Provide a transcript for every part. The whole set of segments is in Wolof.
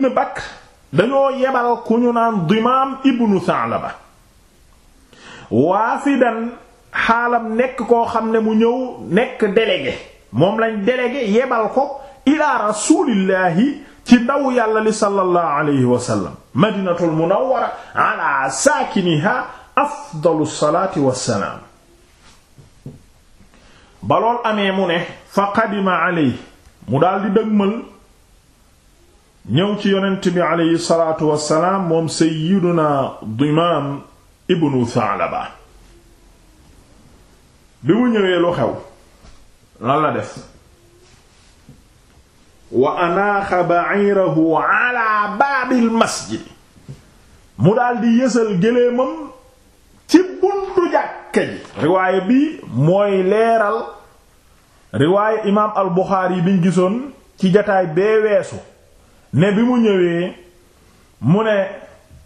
ibn Bakr dañoo yebal ku ñu naan Dimaam ibnu Sa'laba waafidan xaalam nekk koo xam ne mu ñëw nekk délégué lañ délégué yebal ko ilaa rasuulillaahi ci ndaw yàlla li sallallahu alayhi wa sallam madinatul munawwara ala saakiniha afdalu salaati wassalaam balool amee mu ne fa qadima alayhi mu daldi dëgmal ñëw ci yonent bi aleyhi salaatu wassalaam moom sayyiduna dimaam ibnu Thaalaba bi mu ñëwee lu xew lan la def wa anaaxa ba'irahu ala baabil masjid mu daldi yësal géléemam ci buntu jàkka ji bi mooy leeral riwaaya imaam al Buxaari yi biñ gisoon ci jataay bee weesu ne bi mu ñëwee mu ne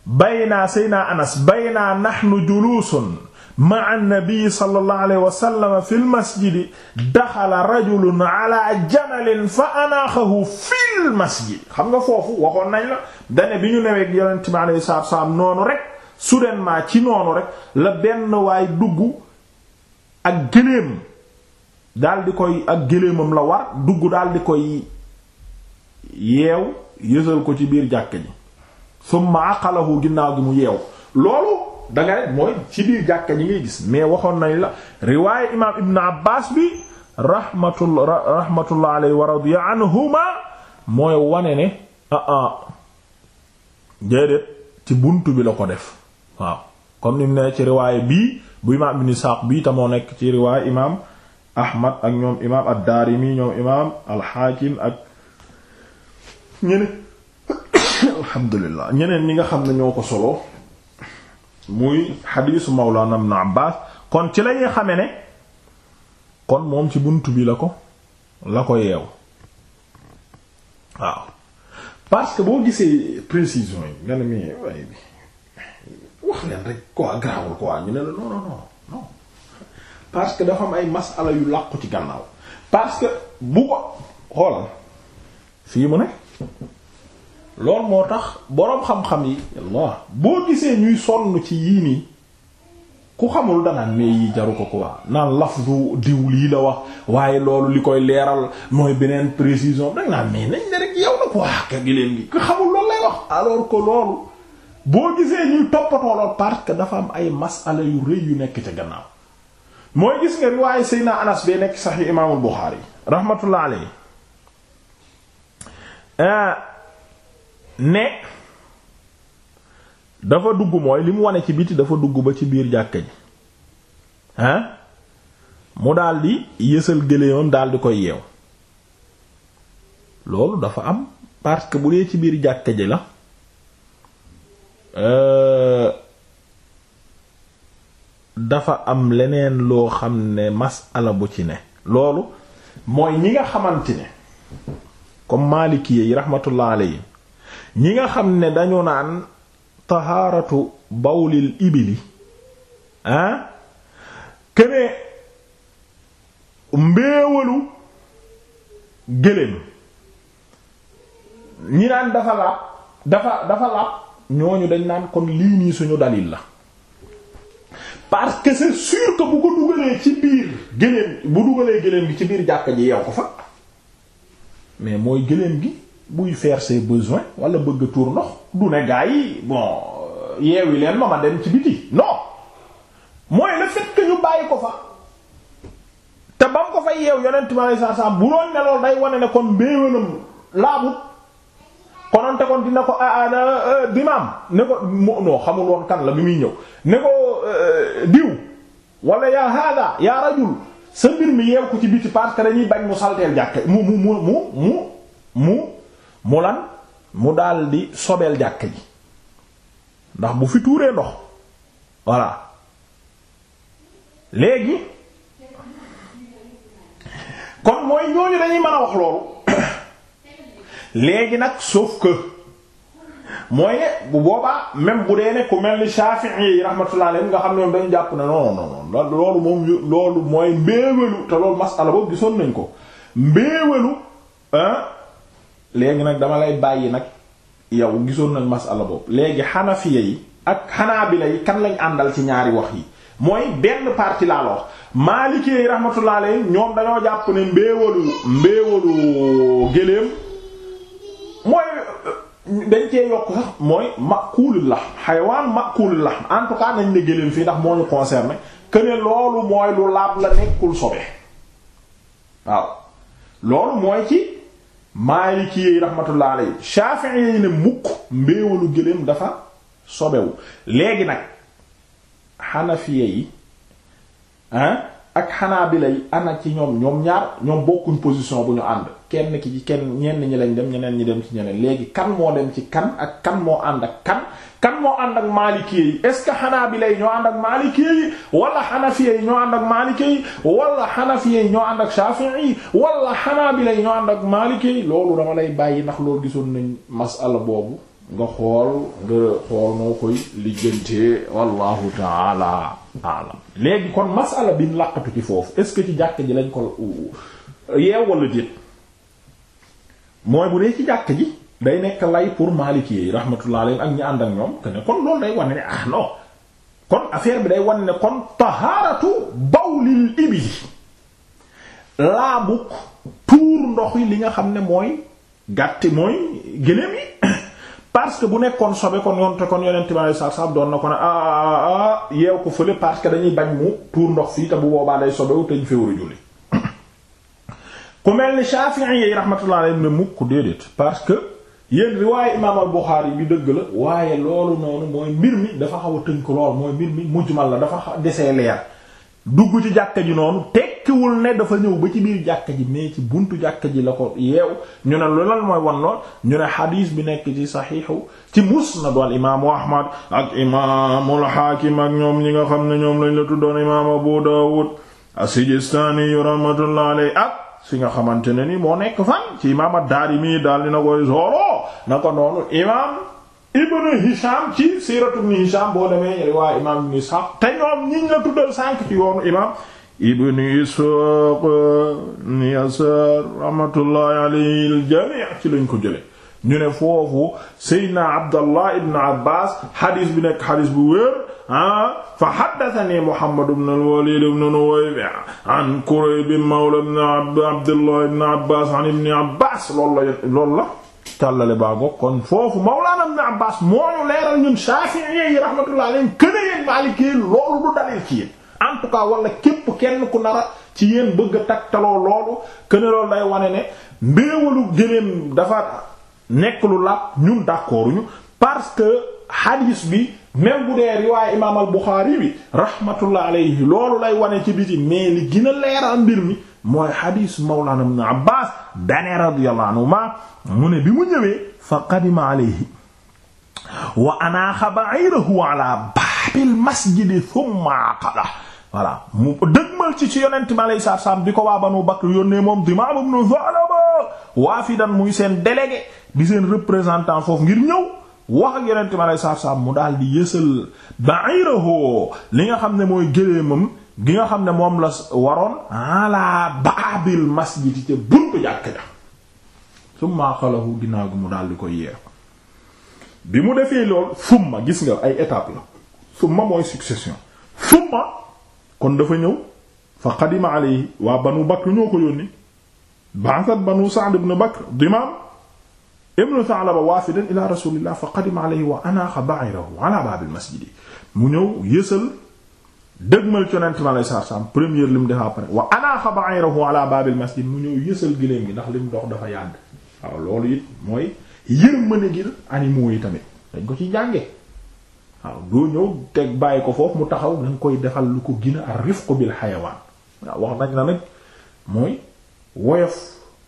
baynaa seydna anas baynaa nahnu juluusun ma annabi sallallahu alayhi wa sallam fi lmasjidi daxala rajulun ala fa anaaxahu fi lmasjid xam nga foofu waxoon nañ la dane bi ñu newee yonent bi alayhi salaatu salaam noonu rek soudainement ci noonu rek la benn waay dugg ak gëléem daal di koy ak gëléemam la war dugg daal di koy yeew yësal ko ci biir jàkka ji summa aqalahu ginnaaw gi mu yeew loolu da mooy ci biir jàkka ji ngay gis mais waxoon nañ la riwaaya imaam ibn abbas bi rahmatul rahmatullah alayhi anhuma mooy wane ne ah, ah déedéet ci bunt bi la ko def waaw comme ni mu ne ci riwaaya bii bu imaam ibn isaaq bii tamoo nekk ci riwaaya imaam ahmad ak ñoom imaam ad-daarimi ñoom imaam al-haakim ak ñene alhamdulillah ñeneen ñi nga xam ne ñoo ko solo muy xadiisu am na Abbaas kon ci lañuy xame ne kon moom ci bunt bi la ko la ko yeew waaw parce que boo gisee précision yi nga ne mi wax leen rek quoi garaawul quoi ñu ne la non non non que dafa am ay masala yu làqu ci gannaaw parce que bu ko xoolal fii mu ne loolu moo tax boroom xam-xam yi Allah boo gisee ñuy sonn ci yii nii ku xamul danaan mais yi jaru ko quoi naan lafdu diw lii la wax waaye loolu li koy leeral mooy beneen précision dag naan mais nañ ne rek yow na quoi ka giléen gi ku xamul loolu lay wax alors ko loolu boo gisee ñuy toppatoo lool parce que dafa am ay masala yu rëy yu nekk ca gannaaw mooy gis nga riwaaye Seydina Anas bee nekk Sahih Imaamul Buxaari rahmatullah alayhi ne euh, dafa dugg mooy li mu wane ci biti dafa dugg ba ci biir jàkka ji hein mu daldi yësal gëléemam daldi koy yeew loolu dafa am parce que bu dee ci biir jàkka ji la euh, dafa am leneen loo xam ne masala bu ci ne loolu mooy ñi nga xamanti ne comme maaliki yi rahmatullah alayhi ñi nga xam ne dañu naan tahaaratu bawlil ibili ah kene mbéewalu gëléem ñi naan dafa laab dafa dafa laab ñooñu dañ naan kon lii nii suñu dalil la parce que c'est sûr que bu ko dugalee ci biir gëléem bu dugalee gëléem gi ci biir jàkka ji yeew ko fa mais mooy gëléem gi buy faire ses besoins wala bëgg a tuur ndox du ne gaa yi bon euh, yeewi leen ma ma dem ci biti non mooy le fait que ñu bàyyi ko fa te ba mu ko fa yeew yonent bi alei sat bu doon ne day wane ne kon mbéewalam laabut konante kon dina ko ah, ah, ah, dimaam ne ko noo xamul woon kan la bi muy ñëw ne ko euh, diw wala yaa hada yaa rajul sa mbir mi yeew ko ci biti parce que dañuy bañ mu salteel jàkke mu mu mu mu mu mu mu lan mu daal di sobeel jàkke ji ndax bu fi tuuree ndox voilà léegi kon mooy ñooñu dañuy mën a wax loolu léegi nag sauf que mooy bu boobaa même bu dee ne ku mel ni Shafi'i yi rahmatullah nga xam ne moom dañu jàpp ne non non non loolu moom loolu mooy mbéewalu te loolu masala boobu gisoon nañ ko mbéewalu léegi nag dama lay bàyyi nag yow gisoon nañ masala boobu léegi Hanafiya yi ak xanaa bi lay kan lañ àndal ci ñaari wax yi mooy benn partie laa la wax ñoom dañoo jàpp ne mbéewalu mbéewalu gëléem dañ cee yokk sax mooy makulul lahm xayawaan makulul lahm en tout nañ ne gëléem fii ndax moo ñu concerné que loolu mooy lu laab la nekkul sobe waaw loolu mooy ci maaliki yi rahmatullah alayhi shafi'i yi ne mukk mbéewalu gëléem dafa sobewu léegi nag xanafiya yi ah ak xanaa bi yi ana ci ñoom ñoom ñaar ñoom bokkuñ position bu ñu ànd kenn ki ci kenn ñenn ñi lañ dem ñeneen ñi dem ci ñeneen léegi kan moo dem ci kan ak kan moo ànd ak kan kan moo ànd ak maalikee yi est-ce que xanaabila yi ñoo ànd ak maalikee yi wala xanafiye yi ñoo ànd ak maalikee yi wala xanafiye yi ñoo ànd ak shafii yi xanaa bi yi ñoo ànd ak maalikee yi loolu dama lay bàyyi ndax loo gisoon nañ masala boobu nga xool nga xool noo koy liggéeyante aalam léegi kon masala bi làqatu ci foofu est-ce que ci jàkk ji lañ ko yeew wala déet mooy bu dee ci jàkk ji day nekk lay pour maliki yi rahmatullah ak ñi ànd ak ñoom que ne kon loolu day wane ne ah non kon affaire bi day wane ne kon tahaaratu bawlil ibil laabuk tuur ndox yi li nga xam ne mooy gàtti mooy gëléem yi parce que bu nekkoon sobe kon yoon te kon yonent bi alayhi salaatu salaam doon ko ne ah, ah, ah, yeew ko fële parce que dañuy bañ mu tuur ndox fii te bu boobaa day sobewu te ñu fee war a julli ku mel ni Shafi'i yi rahmatullahi alayhi ne mukk déedéet parce que yéen riwaayu imaam al-Bukhari bi dëgg la waaye loolu noonu mooy mbir mi dafa xaw a tënk lool mooy mbir mi mujmal la dafa xaw desee leer dugg ci jàkka ji noonu tekkiwul ne dafa ñëw ba ci biir jàkka ji mais ci buntu jàkka ji la ko yeew ñu ne lu lan mooy won lool ñu ne xadiis bi nekk ci saxiixu ci musnadu al imaamu ahmad ak imaamul xaakim ak ñoom ñi nga xam ne ñoom lañ la tuddoon imaam abu daawud as-sijistaani yu rahmatullah alayhi ak si nga xamante ne ni moo nekk fan ci imaam ad-daarimi daal dina koy zooroo na ko noonu imaam Ibn Hisham ci siiratu Ibn Hisham boo demee riwaayu imaam Ibn Ishaq te ñoom ñiñ la tuddal sànq ci yoonu imaam Ibn Ishaq ibn Yasaar rahmatullahi alayhi al-jamii' ci lañ ko jëlee. ñu ne foofu Seydina Abdallah Ibn Abbas xadis bi nekk xadis bu wér ah fa haddathanii Muhammad ibn al-Walid ibn Nuwaybi' an Kurayb mawla Abdallah Ibn Abbas an Ibn Abbas loolu la loolu la. càllale baa ngoog kon foofu Mawlana Ibn Abbas moo ñu leeral ñun Shafi'i yi rahmatullah alayhi këne yeen Maliki loolu du dalil ci yéen en tout cas wala képp kenn ku nara ci yéen bëgg a taktaloo loolu këne loolu lay wane ne mbéewalu généem dafa nekk lu làpp ñun d'accord parce que hadis bi même bu dee riwaaya imaam al Bukhari bi rahmatullah alayhi loolu lay wane ci biti mais li gën a leeral mbir mi mooy xadiis mawlana mu ne bi mu ñëwee fa qadima alayhi wa anaaxa ba'irahu ala baabil masjidi thumma aqada voilà mu dëgmal ci ci yonent bi alayhi salaatu salaam bi ko waa Banu Bakr yónnee moom Dimaam ibn Tha'laba waafidan muy seen délégué di seen représentant foofu ngir ñëw wax ak yonent alayhi salaatu salaam mu daal di yësal ba'irahu li nga xam ne mooy gëléemam gi nga xam ne moom la waroon ala baabil masjid ca buntu jàkk ja summa xalahu ginnaaw gi mu daal di ko yeer bi mu defee lool summa gis nga ay étape la summa mooy succession summa kon dafa ñëw fa qadima alayhi waa banu bakr ñoo ko yónni ba'athat banu sa'd ibn bakr dimaam ibn Tha'laba waafidan ila rasulillah fa qadima alayhi wa anaaxa ba'irahu ala baabil masjid mu ñëw yësal dëgmal conent ma lay saar saam première li mu def après wa anaaxa ba'irahu ala baabil masjid mu ñëw yësal giléem gi ndax li mu dox dafa yàgg waaw loolu it mooy yërmande gi animaux yi tamit dañ ko ci jànge waaw doo ñëw teg bàyyi ko foofu mu taxaw dañ koy defal lu ko gina a rifqu bil xayawaan waaw wax nañ na nag mooy woyof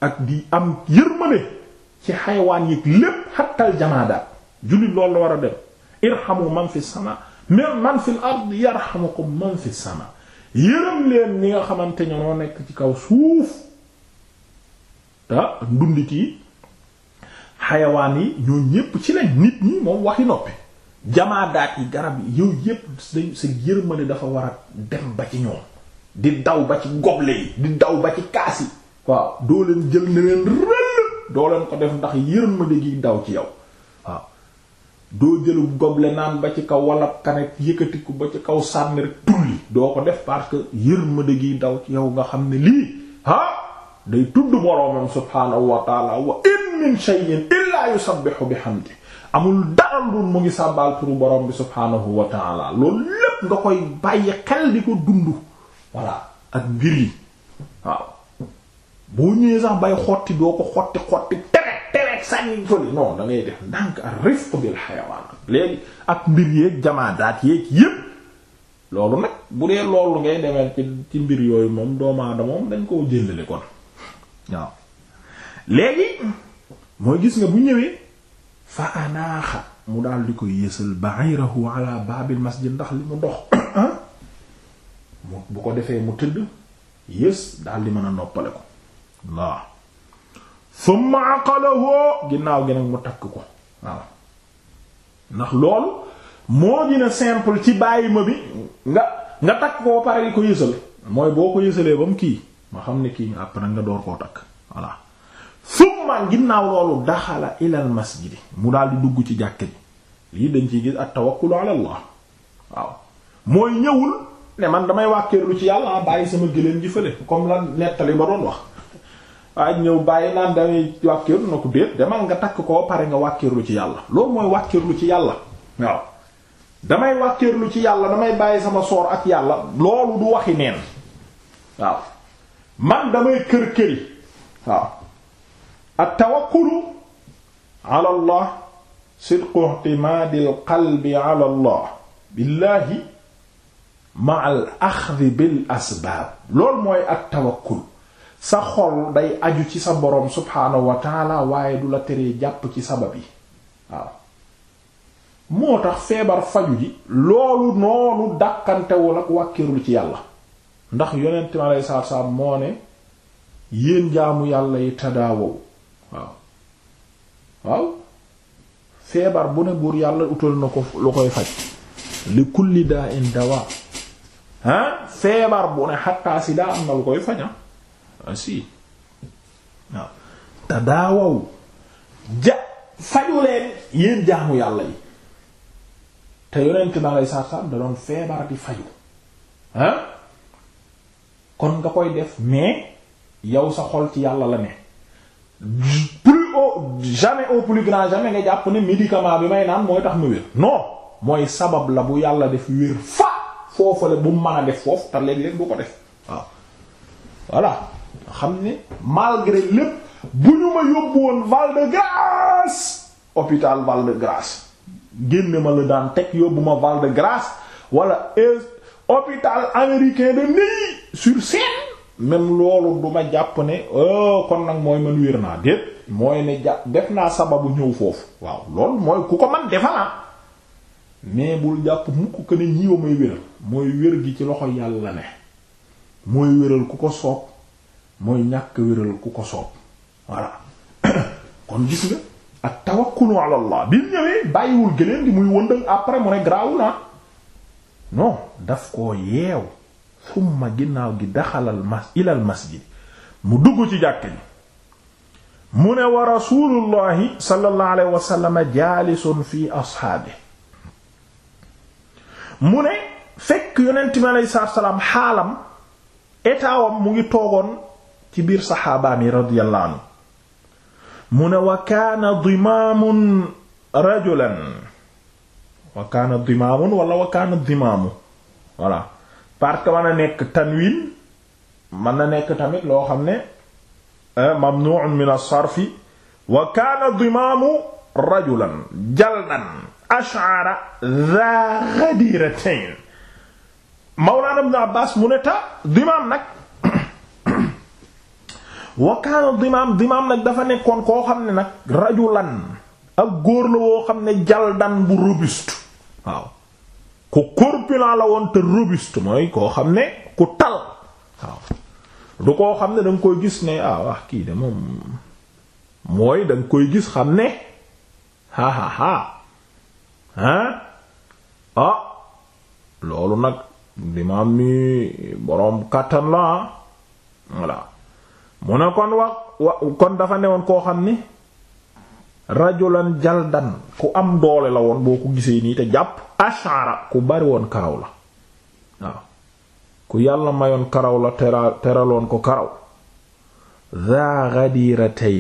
ak di am yërmande ci xayawaan yi lépp xattal jamaadaat jullit loolu la war a dem irhamu man fi sama même man fil ard yarhamukum man fis sama yërëm leen ñi nga xamante ne noo nekk ci kaw suuf te ndundit xayawaan yi ñoo ñépp ci lañ nit ñi moom waxi noppi jamaadaat yi garab yi yow yépp sa yërmande dafa war a dem ba ci ñoom di daw ba ci goble yi di daw ba ci kaas yi waaw doo leen jël ne leen rëll doo leen ko def ndax yërmande gi daw ci yow doo jëlu goble naan ba ci kaw wala kanet yëkkatiku ba ci kaw sànni rek tulli doo ko def parce que yërmande gi daw ci yow nga xam ne lii ah day tudd boroomam subhaanahu wa taala wa in min shay'in illaa yusabbihu amul dara lu mu ngi sàbbaal turu borom bi subhaanahu wa taala loolu lépp nga koy bàyyi xel di ko dund voilà ak mbir yi waaw boo ñëwee sax bay xotti doo ko xotti xotti rek sànniñ fële non da ngay def ndànk ak rifq bil ak mbir yeeg jamaadaat yeeg yépp loolu nag bu dee loolu ngay demee ci mbir yooyu moom doomu moom dañ koo jëndale kon waaw léegi mooy gis nga bu ñëwee fa anaaxa mu daal di koy yësal ba'irahu ala baabil masjid ndax li mu dox mu bu ko defee mu tëdd yës daal di mën a noppale ko waaw summa aqalahu ginnaaw gi nag mu takk ko waaw ndax loolu moo gën a simple ci bàyyi ma bi nga nga takk ko pare ko yësal mooy boo ko yësalee ba mu kii ma xam ne kii nga après nga door koo takk voilà summa ginnaaw loolu daxala ilal masjidi mu daal di dugg ci jàkk ji lii dañ ciy gis ak tawakkulu ala Allah waaw mooy ñëwul ne man damay wàkkeerlu ci yàlla ah, bàyyi sama gëléem ji fële comme la nettali ba doon wax ah ñëw bàyyi naan damay wàkkiirlu na ko déet demal nga takk koo pare nga wàkkiirlu ci yàlla loolu mooy wàkkiirlu ci yàlla waaw damay wàkkiirlu ci yàlla damay bàyyi sama soor ak yàlla loolu du waxi neen waaw man damay kër këri waaw at tawakkulu ala allah sidqu i'timaadil qalbi ala allah billaahi ma al axdi bil asbaab loolu mooy at tawakkul sa xol day aju ci sa borom subhaanahu wa waaye du la teree jàpp ci sabab yi waaw moo tax feebar faju ji loolu noonu dàqantewul ak wàkkirlu ci yàlla ndax yonent mi alei saatu salaam moo ne yéen jaamu yàlla yi tadaawow waaw waaw feebar bu ne buur yàlla utal na ko lu koy faj li kulli daa in ah, feebar bu ne xattaa daa am na lu koy faja ah. asi waaw ah. te daawaw ja faju leen jaamu yàlla yi te yonent ba ngay saar da doon feebar di faju ah kon nga koy def mais yow sa xol ci yàlla la ne plus au jamais au plus grand jamais nga jàpp ne médicament bi may naan mooy tax mu wér non mooy sabab la bu yàlla def wér fa foofale bu mën a def foofu te léeg bu ko def waaw ah. voilà xam ne malgré lépp bu ñu ma yóbbu woon Val de Grâce hôpital Val de Grâce génne ma la daan teg yóbbu ma Val de Grâce wala euh, hôpital américain de Neuilly-sur-Seine même loolu du jàpp ne oh, kon nag mooy man wér naa déet mooy ne jàpp def naa sababu ñëw foofu waaw loolu mooy ku ko man defalaa ah. mais bul jàpp mukk ko ne ñiiwa may wéral mooy wér gi ci loxo yàlla ne mooy wéral ku ko soog mooy ñàkk wéral ku ko soob voilà kon gis nga ak tawakkulu ala allah bi ñëwee bàyyiwul gëléem gi muy wëndëng après mu ne garaawul naa ah. non daf koo yeew summa ginnaaw gi daxalal mas masjid mu dugg ci jàkk ji mu ne wa rasulullahi sallallahu alayhi wa sallam jaalisun fi ashaabi mu ne fekk yonent mi alayhi salaam xaalam etaawam mu ngi toogoon ci biir saxaabaam yi radiyallahu anhu mu ne wa kaana dimaamun rajulan wa kaana dimaamun wala wa kaana dimaamu voilà parce que mën a nekk tanwin mën na nekk tamit loo xam ne eh, mamnu'un min as-sarfi wa kaana dimaamu rajulan jaldan ash'ara dha ghadiratayn mawlaana ibn abbas mu ne ta dimaam nag wa kaana dimaam dimaam nag dafa nekkoon koo xam ne nag rajulan ak góor la woo xam ne jaldan bu robuste waaw ku corpulent la woon te robuste mooy koo xam ne ku tal waaw du koo xam ne danga koy gis ne ah wax kii de moom mooy danga koy gis xam ne ha ha ha ah ah loolu nag dimaam mi boroom kàttan la voilà mu ne kon wax wa kon dafa newoon koo xam ni rajulan jaldan ku am doole la woon boo ko gisee nii te jàpp ashara ku bari woon karaw la waaw ku yàlla mayoon karaw la tera teraloon ko karaw dha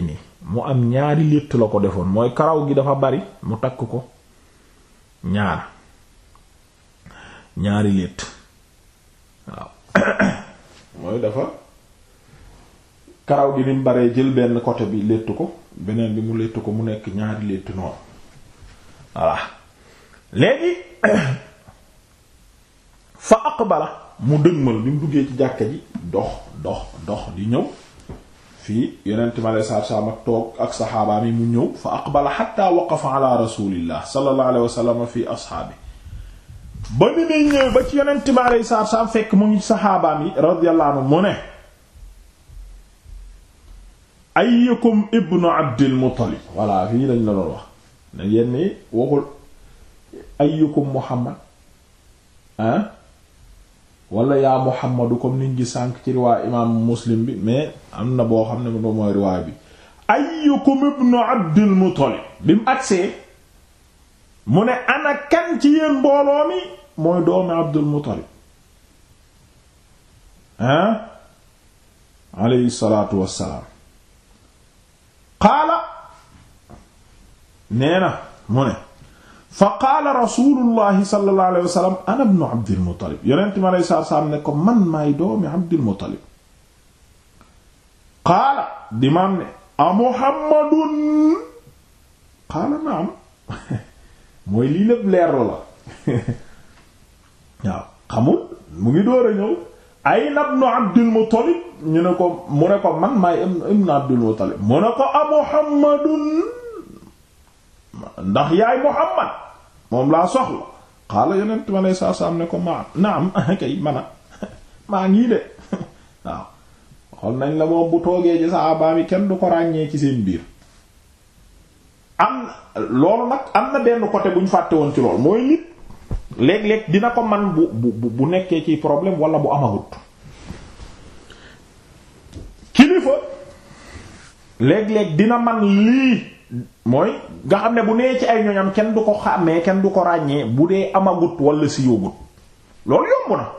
ni mu am ñaari létt la ko defoon mooy karaw gi dafa bari mu takk ko ñaar ñaari létt waaw mooy dafa karaw gi ni mu jël benn côté bi létt ko beneen bi mu létt ko mu nekk ñaari létt noonu voilà léegi fa aqbala mu dëgmal bi mu duggee ci jàkka ji dox dox dox di ñëw fii yonent mi aleyhi salaatu salaam ak toog ak saxaabaam yi mu ñëw fa aqbala hatta waqafa ala rasulillah sallallahu alayhi wa sallam fi ashaabi ba ni muy ñëw ba ci yonent mi aleyhi salaatu fekk mu ngi saxaabaam yi radiyallahu anhu mu ne ayyukum ibnu abdil muttalib voilà fii lañ la doon wax ne yenni waxul ayyukum muhammad ah wala yaa muhammadu comme niñ gi sànk ci riwaay imaam muslim bi mais am na boo xam ne moom mooy riwaay bi ayyukum ibnu abdil muttalib bi mu agsee mu ne ana ci yéen mbooloo mi mooy doomi abdul muttalib ah alayhi salaatu wassalaam qaala nee na mu fa qaala rasulullahi sallallahu alayhi wa sallam ana ibnu abdilmutalib yonent mi alayhi salaatu ne ko man maay doomi abdilmutalib qaala dimaam ne a muhammadun naam mooy lii lépp leer la waaw mu ngi door a ayna ibnu Abdul Muttalib ñu ne ko mu ne ko man maay ibnu Abdul Muttalib mu ne ko a Muhammadun ndax yaay Muhammad moom laa soxla xaala yonent ma lay saa saam ne ko ma naam kay mana maa ngi de waaw xool nañ la moom bu toogee ci saxaaba mi kenn du ko ràññee ci seen biir am loolu nag am na benn côté bu ñu fàtte woon ci lool mooy nit léeg-léeg dina ko man bu bu bu nekkee ci problème wala bu amagut kilifa léeg-léeg dina man lii mooy nga xam ne bu nee ci ay ñoñam kenn du ko xàmmee kenn du ko ràññee bu dee amagut wala si yóbgut loolu yomb na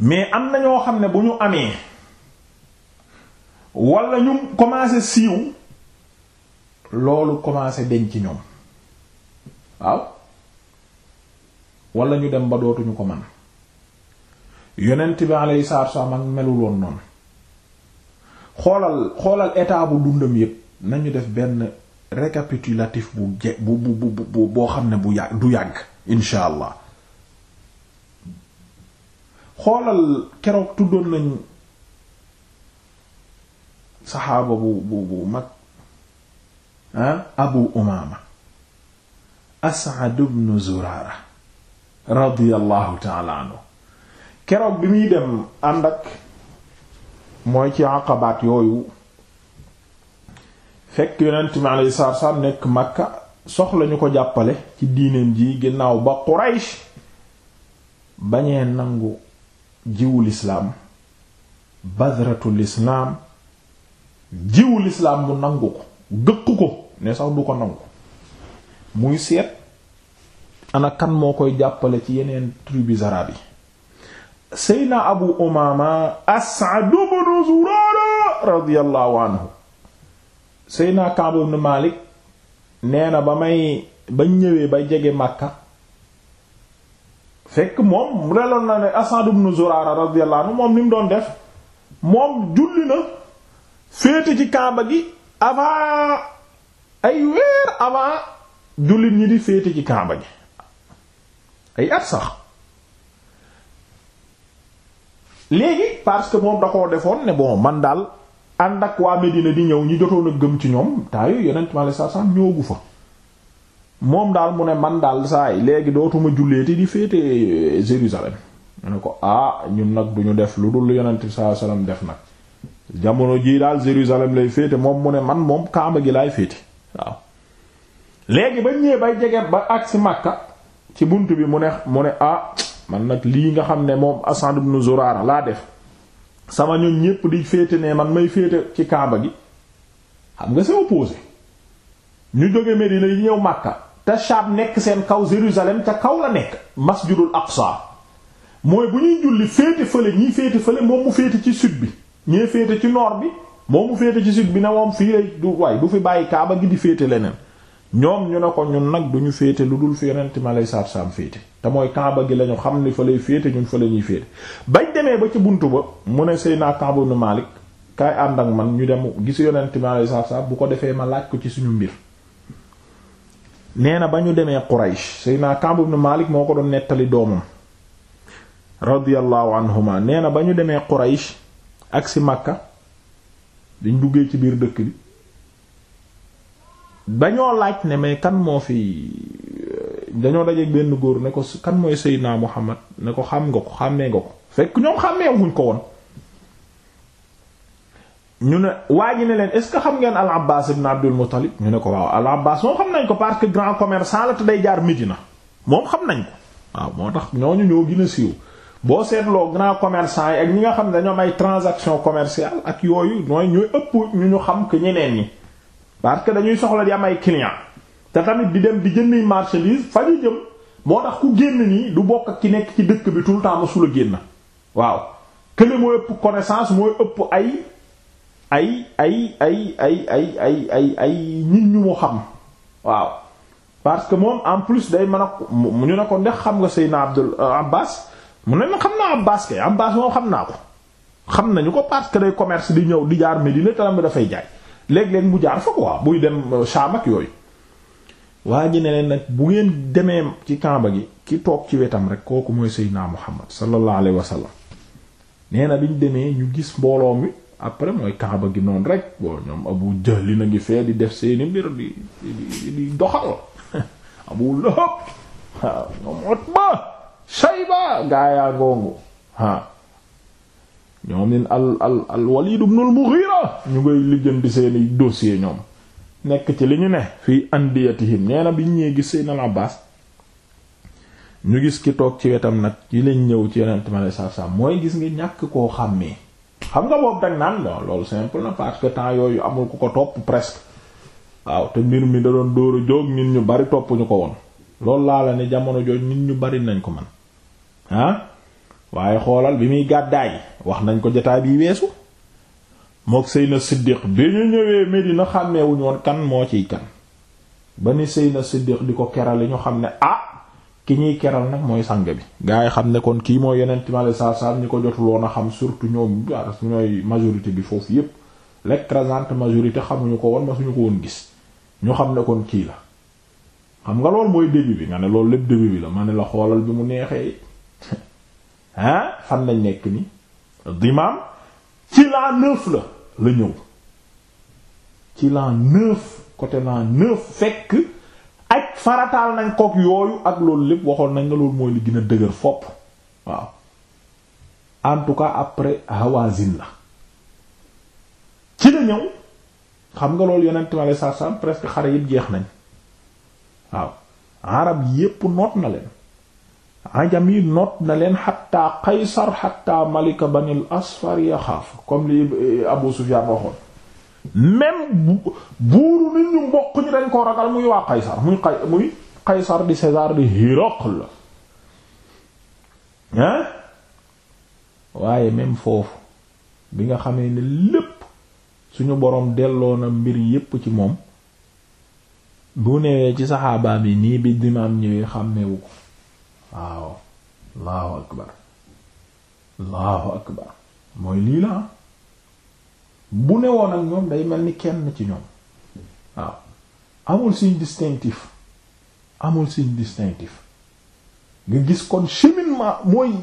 mais am na ñoo xam ne bu ñu amee wala ñu commencé siiw loolu commencé denc ci ñoom waaw wala ñu dem ba dootuñu ko man yonent bi alayhi salaatu wa salaam melul noonu xoolal xoolal état bu dundam yépp nañu def benn récapitulatif bu je bu bu bu boo xam ne bu yàgg du yàgg incha allah xoolal keroog tuddoon nañ saxaaba bu bu mag ah Abu Umaama As'ad ibn Zuraara radiyallahu taala keroog bi muy dem ànd ak mooy ci àqabaat yooyu fekk yonent mi alayhi salaatu wassalaam nekk Makka soxla ñu ko jàppale ci diineem ji ginnaaw ba Quraysh bañee nangu jiwu lislaam badratu lislaam jiwu lislaam mu nangu ko gëq ko ne sax du ko nangu muy seet ana kan moo koy jàppale ci yeneen tribus arabes yi seyna abu umaama as'ad ibn zuraara radiyallahu anhu seyna ka'b ibn malik nee na ba may ba ñëwee ba jege màkka fekk moom reloon na ne as'ad ibn zuraara radiyallahu anhu moom ni mu doon def moom julli na féete ci kàmba gi avant ay weer avant jullit ñi di féete ci kàmba gi ay at sax léegi parce que moom da koo defoon ne bon man daal ànd ak waa Medina di ñëw ñi jotoon a gëm ci ñoom temps yooyu ma la saa saa ñoogu fa moom daal mu ne man daal saa yi léegi dootuma julleeti di féete euh, Jérusalem mu ne ko ah ñun nag du ñu def lu dul yonent bi sallallahu alayhi def nag jamono jii daal Jérusalem lay féete moom mu ne man moom kaama gi laay féete waaw léegi ba ñëwee bay jege ba agsi Makka ci bunt bi mu ne mu ne ah man nag lii nga xam ne moom Asad ibn Zurara laa def sama ñun ñépp di féete ne man may féete ci Kaaba gi xam nga c'est opposé ñu jóge Medina yi ñëw Makka te Sham nekk seen kaw Jérusalem ca kaw la nekk Masjidul Aqsa mooy bu ñuy julli féete fële ñii féete fële moom mu féete ci sud bi ñee féete ci noor bi moom mu féete ci sud bi ne moom fii lay du waay du fi bàyyi Kaaba gi di féete leneen ñoom ñu ne ko ñun nag duñu féete lu dul fi yonent ma lay saab féete te mooy kaaba gi lañu xam ni fa lay féete ñun fa lañuy féete bañ demee ba ca bunt ba mu ne Seydina naa nu Maalik kaay ànd ak man ñu dem gis yonent ma lay saab bu ko defee ma laaj ko ci suñu mbir nee na ba ñu demee Quraysh Seydina Kaabu nu Maalik moo ko doon nettali doomam radiyallahu anhuma nee na ba ñu demee Quraysh ak si Makka dañ duggee ci biir dëkk bi dañoo laaj ne mais kan moo fi dañoo dajeeg benn góor ne ko kan mooy Seydina Muhammad ne ko xam nga ko xàmmee nga ko fekk ñoom xàmmeewuñ ko woon ñu ne waa ji ne leen est ce que xam ngeen al Abbas ibn Abdul Muttalib ñu ne ko waaw al Abbas moom xam nañ ko parce que grand commerçant la te day jaar Médina moom xam nañ ko waaw moo tax ñooñu ñoo gën a siiw boo seetloo grand commercant yi ak ñi nga xam ne dañoom ay transactions commerciales ak yooyu ñooy ñooy ëpp ñu ñu xam que ñeneen ñi. parce que dañuy soxla di am ay client te tamit bi dem di jëndi marchandise fa ñu jëm moo tax ku génn nii du bokk ak ki nekk ci dëkk bi tout le temps masula génn waaw kële mooy ëpp connaissance mooy ëpp ay ay ay ay ay ay ay ay ay nit ñu mu xam waaw parce que moom en plus day man a mu ñu ne ko ndax xam nga Seydina Abdul Abbas mu ne na xam naa baas kay Abbas moom xam naa ko xam ñu ko parce que day commerce di ñëw di jaar Medina te dafay jaay léeg-léeg mu jaar fa quoi buy dem euh, Sham yooyu waa ji ne leen nag bu ngeen demee ci kàmba gi ki toog ci wetam rek kooku mooy Seydina Muhammad sallallahu alayhi wa sallam nee na biñ demee ñu gis mbooloo mi après mooy kamba gi noonu rek bon ñoom Abu Jahl na ngi fee di def seeni mbir di di ñoom nin al al al Walid ibn al Mughira ñu ngay lijjanti seeni dossier ñoom nekk ci li ñu ne fii andiyatihim nee na bi ñee gis seen al Abbas ñu gis ki toog ci wetam nag yi lañ ñëw ci yeneen tamale saaf mooy gis nga ñàkk koo xàmmee. xam nga boobu dag naan non loolu simple na parce que temps yooyu amul ku ko topp presque waaw te mbir mi da doon dóor a ñu bari topp ñu ko woon loolu laa la ne jamono jooju nit ñu bari nañ ko man waaye xoolal bi muy gàddaay wax nañ ko jotaay bi weesu mook na Siddiq bi ñu ñëwee Medina xàmmeewuñu woon kan moo ciy kan ba ni Seyna Siddiq di ko kerale ñu xam ne ah ki ñuy keral nag mooy sang bi. gaa yi xam ne kon kii mooy yeneen timale saa saa ñu ko jotul woon a xam surtout ñoom ah, ñooy majorité bi foofu yépp l'écrasante majorité xamuñu ko woon ma suñu ko woon gis ñu xam ne kon kii la. xam nga loolu mooy début bi nga ne loolu lépp début bi la ma ne la xoolal bi mu neexee. ah fan lañ nekk ni dimaam ci l'an la la ñëw ci l'an neuf côté l'an neuf fekk ak farataal nañ kook yooyu ak loolu lépp waxoon nañ nga loolu mooy li gën a dëgër fopp waaw en tout cas après Hawazin la ci la ñëw xam nga loolu yonent ma lay sarsam presque xare yépp jeex nañ waaw arab yépp noot na leen ajam yi noot na leen xatta qaysar xatta malika banil asfar yaxaaf comme li eh, Abu Sufyaan waxoon même buuru nit ñu mbokk ñu dañ ko ragal muy waa qaysar muy qay muy qaysar di César di Hiraql hein waaye même foofu bi nga xamee ne lépp suñu boroom delloo na mbir yépp ci moom bu newee ci saxaabaam yi nii bi dimaam ñëwee xàmmewu ko waaw allahu akbar allahu akbar mooy lii la bu ne woon ak ñoom day mel ni kenn ci ñoom waaw amul signe distinctif amul signe distinctif nga gis kon cheminement mooy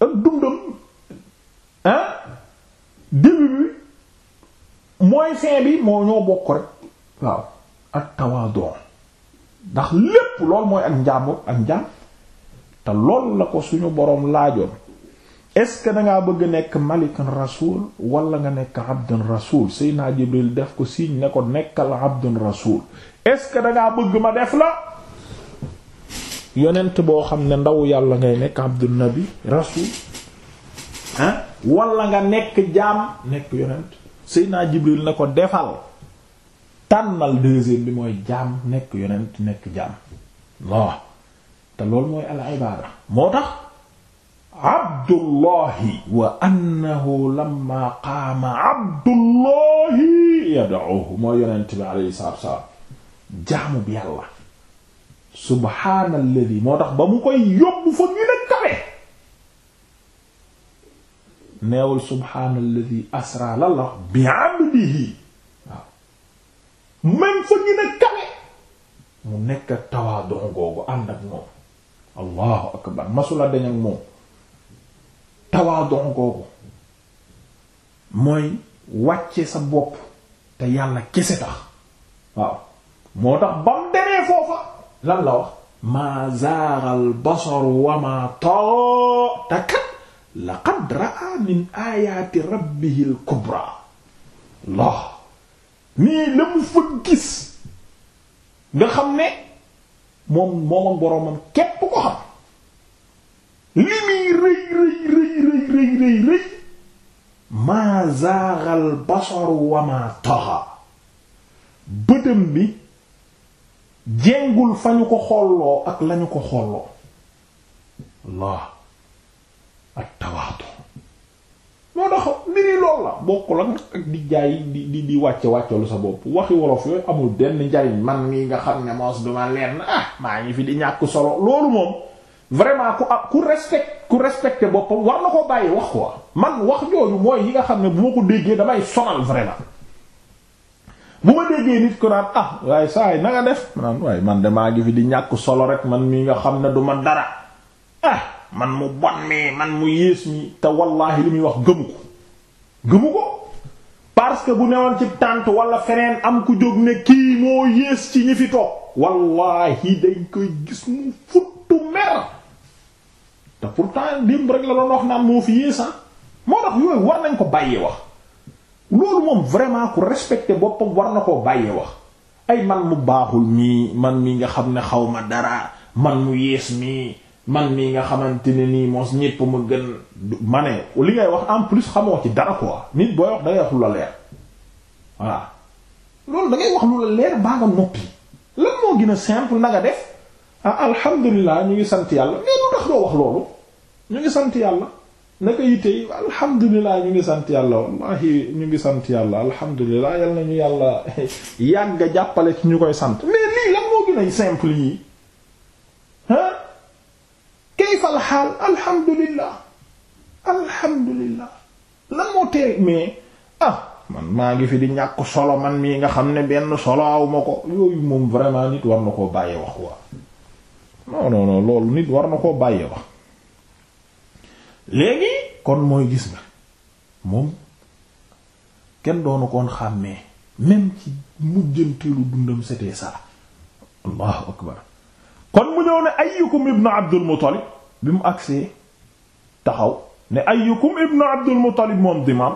ak dundam ah début bi mooy fin bi moo ñoo bokk rek waaw ak tawaadon ndax lépp loolu mooy ak njàmb ak njàmb te lool la ko suñu boroom laajoon est dangaa bëgg nekk malikan rasul wala nga nekk abdun rasul Seydina Jibril def ko signe ne ko nekkal abdun rasul est-ce que dangaa bëgg ma def la yonent boo xam ne ndaw yàlla ngay nekk abdun nabi rasul ah wala nga nekk jaam nekk yonent Seydina Jibril ne ko defal tànnal deuxième bi mooy jaam nekk yonent nekk jaam waaw te loolu mooy al ibaada moo tax abdullahi wa annahu lamma qaama abdullahi mooy yonent bi alayhi salaatu wa jaamu bi yàlla subhaanalladi moo tax ba mu koy yóbbu fa ñu ne kawe neewul subhaanalladi asra la la bi abdihi waaw fa ñu ne kawe mu nekk tawaadu googu ànd ak moom allahu akbar masula dañ ak moom tawaadon kooku mooy wàcce sa bopp te yàlla kese tax waaw moo tax ba mu demee foofa lan la wax maa zaaral basar wa maa te kat laqad raa min aayaati rabbihil allah nii la mu fa gis nga xam ne moom moomoon boroomam képp ko xam li muy rëy rëy rëy rëy maa zaaxal basaru wamaa taxa bëtam bi jengul fa ñu ko xolloo ak lañu ko xolloo Allah ak tawaatu moo tax nii loolu la bokkul ak ak di jaay di di di wàcce wàccalu sa bopp waxi wolof yooyu amul benn njariñ man mii nga xam ne moos duma leen ah maa ngi fi di ñàkk solo loolu moom vraiment ku a ku ku respecté boppam war na ko man wax jooju mooy yi nga xam ne bu ma ko déggee damay sonal vraiment bu ma déggee nit ko naan ah, waaye saa yi def waaye man de ngi fi di ñàkk solo rek man mii nga xam ne du ma dara ah man mu bon mi man mu yées mi te wallaahi li muy wax gëmu ko gëmu ko parce que bu newoon ci tànt wala feneen am ku jóg ne kii moo yées ci ñi fi toog wallahi dañ koy gis mu futtu mer te pourtant démb rek la doon wax naan moo fi yées ah moo tax yooyu war nañ ko bàyyee wax loolu moom vraiment ku respecté boppam war na koo bàyyee wax ay man mu baaxul mii man mii nga xam ne xaw ma dara man mu yées mii man mii nga xamante ne nii mos ñépp ma gën ma ne li ngay wax en plus xamoo ci dara quoi nit booy wax da ngay wax lu la leer voilà loolu da ngay wax lu la leer baa nga noppi lan moo gën a simple na nga def ah alhamdulilah ñu ngi sant yàlla mais lu tax doo wax loolu ñu ngi sant yàlla naka yitte yi alhamdulilah ñu ngi sant yàlla wallahi ñu ngi sant yàlla alhamdulilah yal nañu yàlla yàgg nga jàppale si ñu koy sant mais lan moo gën simple yi kayfa alxaal alhamdulillah alhamdulillah moo tee mais ah man maa ngi fi di ñàkk solo man mii nga xam ne benn solo aw ma ko yooyu moom vraiment nit war na koo bàyyee wax quoi non na koo bàyyee wax léegi kon mooy gis nga moom kenn doonu koon xàmmee même ci mujjanteelu dundam c'était ça allahu akbar kon mu ñëw ne ayyukum ibnu abdul muttalib bi mu agsee taxaw ne ayyukum ibnu abdul muttalib moom dimaam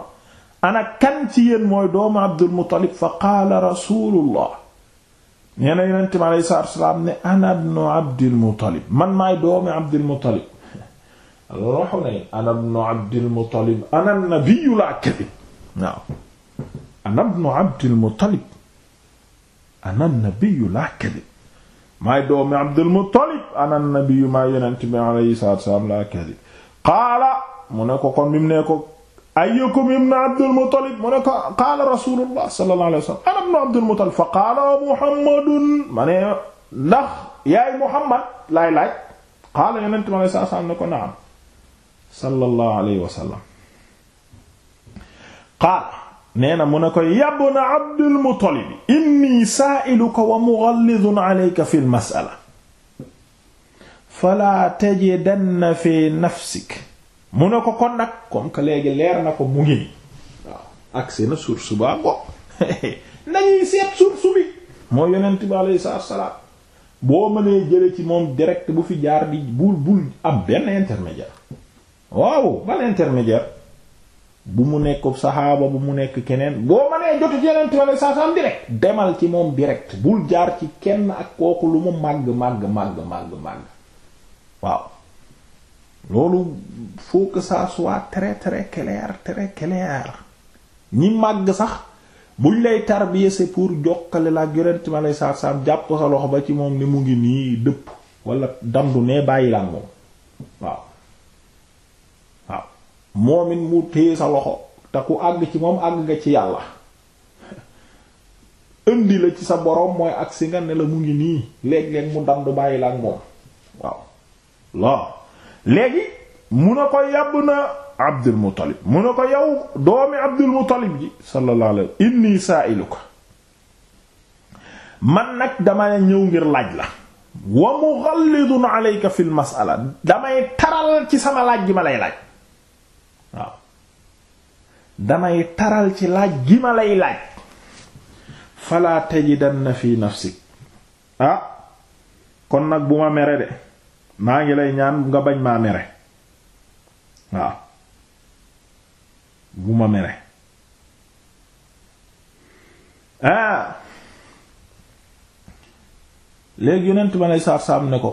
ana kan ci yéen mooy doomu abdul muttalib fa qaala rasulullah nee na yonente mi alayhi salaatu wasalaam ne ana ibnu abdul muttalib man maay doomi abdul muttalib roxu na ana ibnu abdul muttalib ana nabiyyu laa kadib waaw ana ibnu abdul muttalib ana nabiyyu laa kadib maay doomi Abdul Muttalib ana nabiyyu maa yonent bi alayhi salaatu wa salaam laa kadib qaala mu ne ko kon bi mu ne ko ayyukum ibnu Abdul Muttalib mu ne ko qaala rasuulullah sallallahu alayhi wa sallam ana ibnu Abdul Muttalib fa qaala Muhammadun ma ne ndax yaay Muhammad laay laaj qaala yonent bi alayhi salaatu wa salaam ne ko na'am sallallahu alayhi wa sallam qaala nee na mu ne ko yabna Abdul Muttalib inni saa'iluka wa mughallidun alayka fil mas'ala fala tajidanna fi nafsik mu ne ko kon nag comme que léegi leer na ko mu ngi ni waaw agsi na source baa bopp nañuy seet source moo yonent bi alayhi salaam boo mënee jële ci moom direct bu fi jaar di bul bul am benn intermédiaire waaw ban intermédiaire bu mu nekk saxaaba bu mu nekk keneen boo mënee jotu ci yeneen tubaab saa saa direct demal ci moom direct bul jaar ci kenn ak kooku lu mu màgg màgg màgg màgg màgg waaw loolu faut que ça soit très très clair très clair ñi màgg sax buñ lay tarbiya c'est pour jokkale la ak yeneen tubaab yi saa saa jàpp sa loxo ba ci moom ni mu ngi nii dëpp walla damdu ne bàyyi la moom waaw. moom it mu téye sa loxo te ku àgg ci moom àgg nga ci yàlla indi la ci sa boroom mooy ak si nga ne la mu ngi nii léeg mu dandu bàyyi la ak moom waaw loo léegi mu na ko yàbb na Abdul Muttalib mu na ko yow doomi Abdul Muttalib ji sallallahu alayhi inni ko man nag dama ñëw ngir laaj la wa mughallidun alayka fil mas'ala damay taral ci sama laaj gi ma lay laaj waaw damay taral ci laaj gi ma lay laaj fala na fi nafsik ah kon nag bu ma mere de maa ngi lay ñaan nga bañ maa mere waaw bu ma mere ah léegi yonent ma lay saar saam ne ko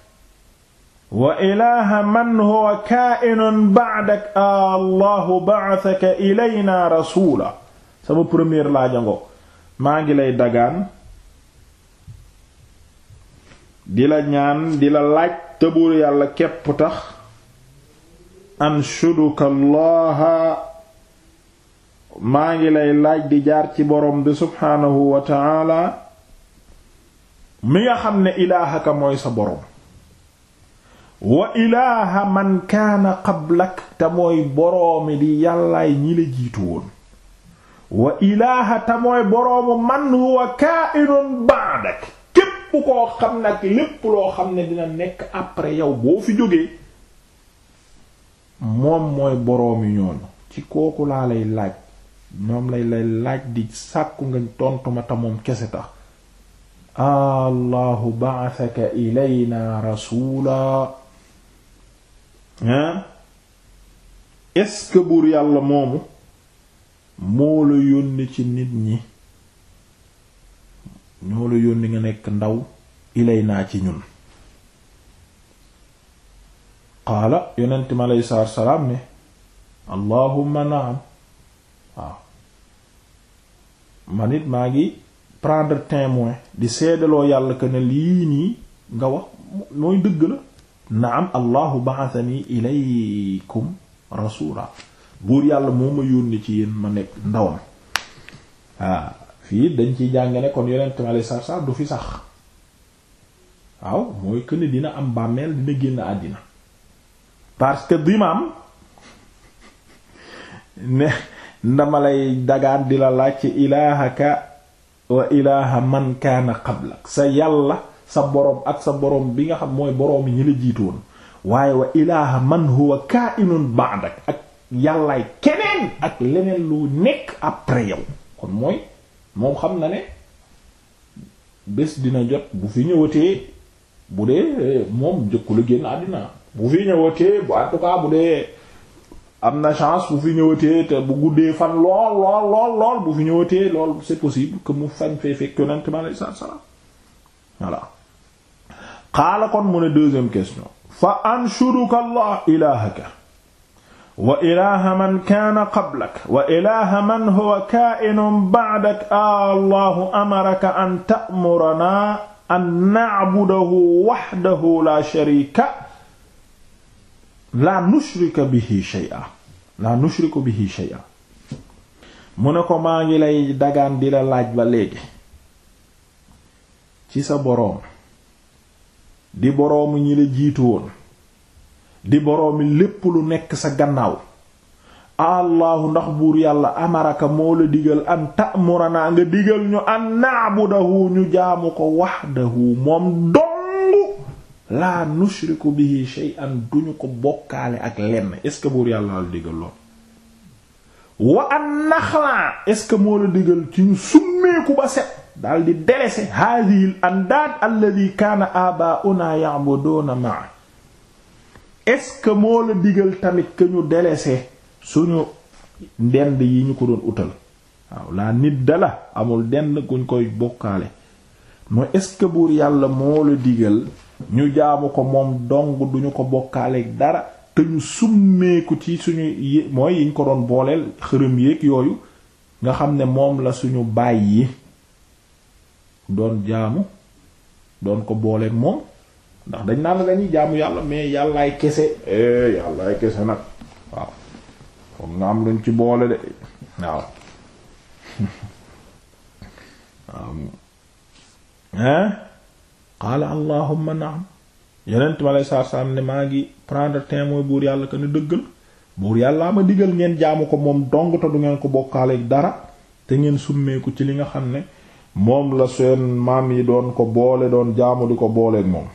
wa ilaaha man huwa kaa'inun ba'dak allahu ba'athaka ilaynaa rasuula sama première laajango maa ngi lay dagaan di la ñaan di la laaj tëbuur yàlla képp tax anshuduka allaha maa ngi lay laaj di jaar ci borom bi subhaanahu wa ta'ala mi nga xam ne ilaahaka mooy sa borom wa ilaaha man kaana qablak te boroomi di yàllaay ñi la jiitu woon wa ilaaha te mooy man huwa kaa'inun ba'dak képp koo xam nag lépp loo xam ne dina nekk après yow boo fi jógee moom mooy boroomi ñooñu ci kooku laa lay laaj ñoom lay lay laaj di sàkku nga tontuma te moom kese tax allahu ba'athaka ilayna rasuula hein est buur yàlla moomu moo la yónni ci nit ñi ñoo la yónni nga nekk ndaw ilay naa ci ñun qaala yonent mi aleyhi salaatu ne allahumma naam waaw man maa ngi prendre témoin di seedaloo yàlla que ne lii nii nga wax mooy dëgg la naam allahu ba'athani ilaykum rasula buur yàlla moo ma yónni ci yéen ma nekk ndawam waa ah, fii dañ ciy jàng ne kon yonent sax waaw ne dina am bàmmeel dina àddina parce que dimaam ne ndama lay dagaan di la laaj ci ilaahaka wa ilaaha man kaana qablak sa yàlla sa boroom ak sa borom bi nga xam mooy borom yi ñi la jiitoon waaye wa ilaha man huwa kaa'inun ba'dak ak yàllaay keneen ak leneen lu nekk après yow kon mooy moom xam na ne bés dina jot bu fi ñëwatee bu dee moom jëkku la génn àddina bu fi ñëwatee bu en bu dee am na chance bu fi ñëwatee te bu guddee fan lool lool lool lool bu fi ñëwatee lool c'est possible que mu fañ fee fekk yonent bi alayhi salaam voilà xaala kon mu ne deuxième question fa anshuduka allah ilahaka wa ilaha man kaana qablak wa ilaha man huwa kaa'inun ba'dak allahu amaraka an ta'murana an na'budahu wahdahu la sharika la nushrika bihi shay'a la nushriku bihi shay'a mu ne ko maa ngi lay dagaan di la laaj ba léegi ci sa boroom di boroomu ñi la jiitu woon di boroomi lépp lu nekk sa gannaaw allahu ndax buur yàlla amaraka moo la digal an ta'murana nga digal ñu an na'budahu ñu jaamu ko wahdahu moom dong laa nushriku bihi shay'an duñu ko bokkaale ak lenn est que buur yàlla la digal wa an naxlaa moo la digal ci ñu summeeku ba set daldi di délaisser haadihil andaad alladi kaana abauna ya'buduna maa est-ce que moo la digal tamit que ñu délaisser suñu dend yi ñu ko doon utal waaw laa nit dala amul dend kuñ koy bokkaale mooy est-ce que buur yàlla moo la digal ñu jaamu ko moom dong duñu ko bokkaaleeg dara te ñu summeeku ci suñu mooy yiñ ko doon booleel xërëm yéeg yooyu nga xam ne moom la suñu baay yi doon jaamu doon ko booleeg moom ndax dañ naan la ñuy jaamu yàlla mais yàllaay kese eh yàllaay kese nag waaw foog nga am luñ ci boole de waaw waaw hein qaala allahumma naam yonent ma lay saar saam ne maa ngi prendre témoin buur yàlla ko ne dëggal buur yàllaa ma digal ngeen jaamu ko moom dong te du ngeen ko bokkaaleeg dara te ngeen summeeku ci li nga xam ne moom la seen maam yi doon ko boole doon jaamu di ko booleeg moom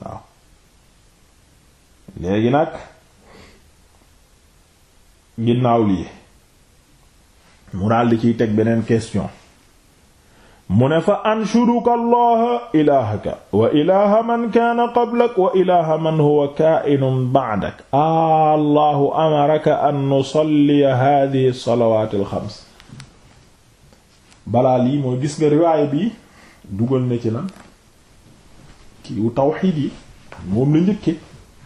waaw léegi nag ginnaaw lii mu daldi ciy teg beneen question mu ne fa anshuduka allaha ilahaka wa ilaha man kaana qablak wa ilaha man huwa kaa'inun ba'dak allahu amaraka an nusalliya hadhihi as-salawat al-khams balaa lii mooy gis nga riwaay bii dugal na ci lan kii wu tawxiid yi moom la njëkke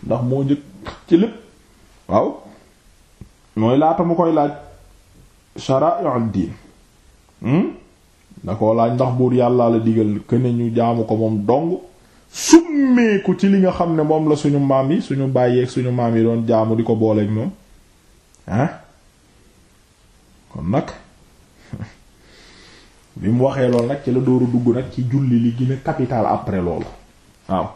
ndax moo njëkk ci lépp waaw mooy laata mu koy laaj sharaa'il diin da hmm? koo laaj ndax buur yàllaa la digal ne ñu jaamu ko moom dong summeeku ci li nga xam ne moom la suñu maam yi suñu bàyyeeg suñu maam yi doon jaamu di ko booleeg moom ah kon nag bi mu waxee loolu nag ci la dóoru dugg nag ci julli li gën a capital après loolu waaw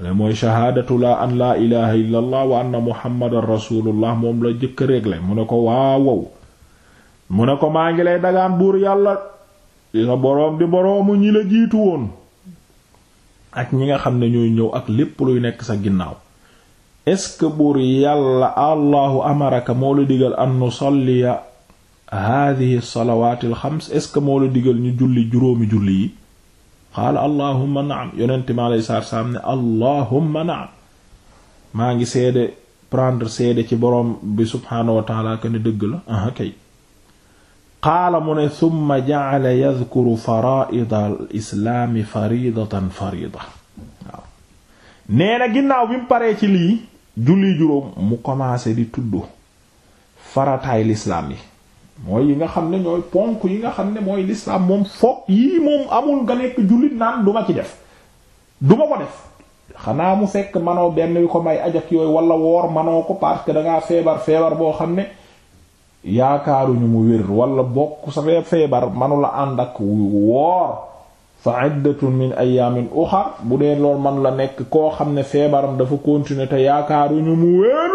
ale mooy shahaadatu la an laa ilaha illa allah wa muhammadan rasulullah moom la jëkk régle mu ne ko waawow mu ne ko maa ngi lay dagaan buur yàlla di sa boroom di boroomu ñi la jiitu woon ak ñi nga xam ne ñooy ñëw ak lépp luy nekk sa ginnaaw est-ce que buur yàlla allahu amaraka moo la digal an nusalliya hadihi salawaati alxams est ce que moo la digal ñu julli juróomi julli yi qaala allahumma naam yonente mi aleyi salaatu salaam ne allahumma naam maa ngi seede prendre seede ci boroom bi subhaanahu wa taala que ne dëgg la aha kay qaala mu ne summa jacala yadkuru faraida al islaami faridatan farida waaw nee na ginnaaw bi mu paree ci lii julli juróom mu commencé di tudd farataay lislaam yi mooy yi nga xam ne ñooy ponk yi nga xam ne mooy l'islam moom foog yii moom amul nga nekk jullit naan du ci def du ko def xanaa mu fekk manoo benn yu ko may ajak yooyu wala woor manoo ko parce que dangaa feebar feebar boo xam ne yaakaaruñu mu wér wala bokk sa feebar manula ànd ak woor fa iddatun min ayaamin bu dee lool man la nekk koo xam ne feebaram dafa continuer te yaakaaruñu mu wér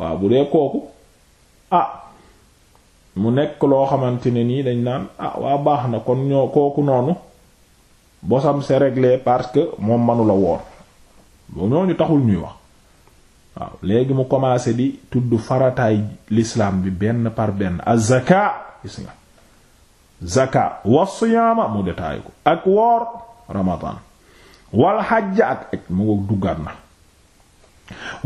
waaw bu dee kooku ah mu nekk loo xamante ne nii dañ naan ah waa baax na kon ñoo kooku noonu bosam c'est réglé parce que moom manula woor ñooñu taxul ñuy wax waaw léegi mu commencé di tudd farataay lislaam bi benn par benn azaka gis nga zaka wasiyaama mu détaillé ko ak woor ramadan wal xajja ak aj mu ngo duggaat na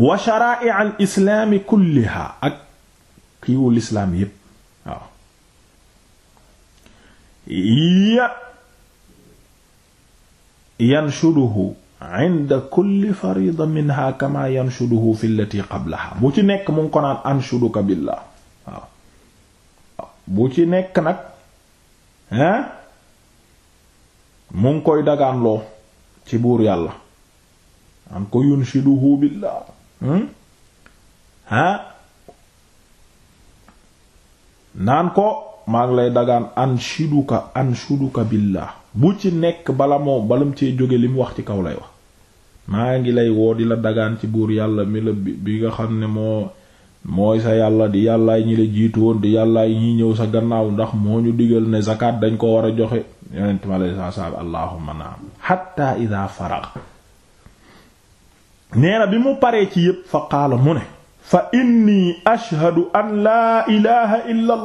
wa shara'i al islaami kulliha ak kiiwu l'islam yépp ya yanshuduhu inda kulli farida minha kama yanshuduhu fi llati qablaha bu ci nekk mu ngi naan anshuduka billah waaw bu ci nekk nag hein mu ngi koy dagaanloo ci buur yàlla an ko yunshiduhu billah hmm? ha naan ko maa ngi lay dagaan anshuduka anshuduka billah bu ci nekk bala moo balam cee jóge li wax ci kaw lay wax maa ngi lay woo di la dagaan ci buur yàlla mi bi nga xam ne moo mooy sa yàlla di yàllaay ñi la jiitu woon di yàllaay ñi ñëw sa gannaaw ndax moo ñu digal ne zakat dañ ko war a joxe yonent ma lay saa nee na bi mu paree ci yépp fa qaala mu ne fa inni ashhadu an laa ilaha illa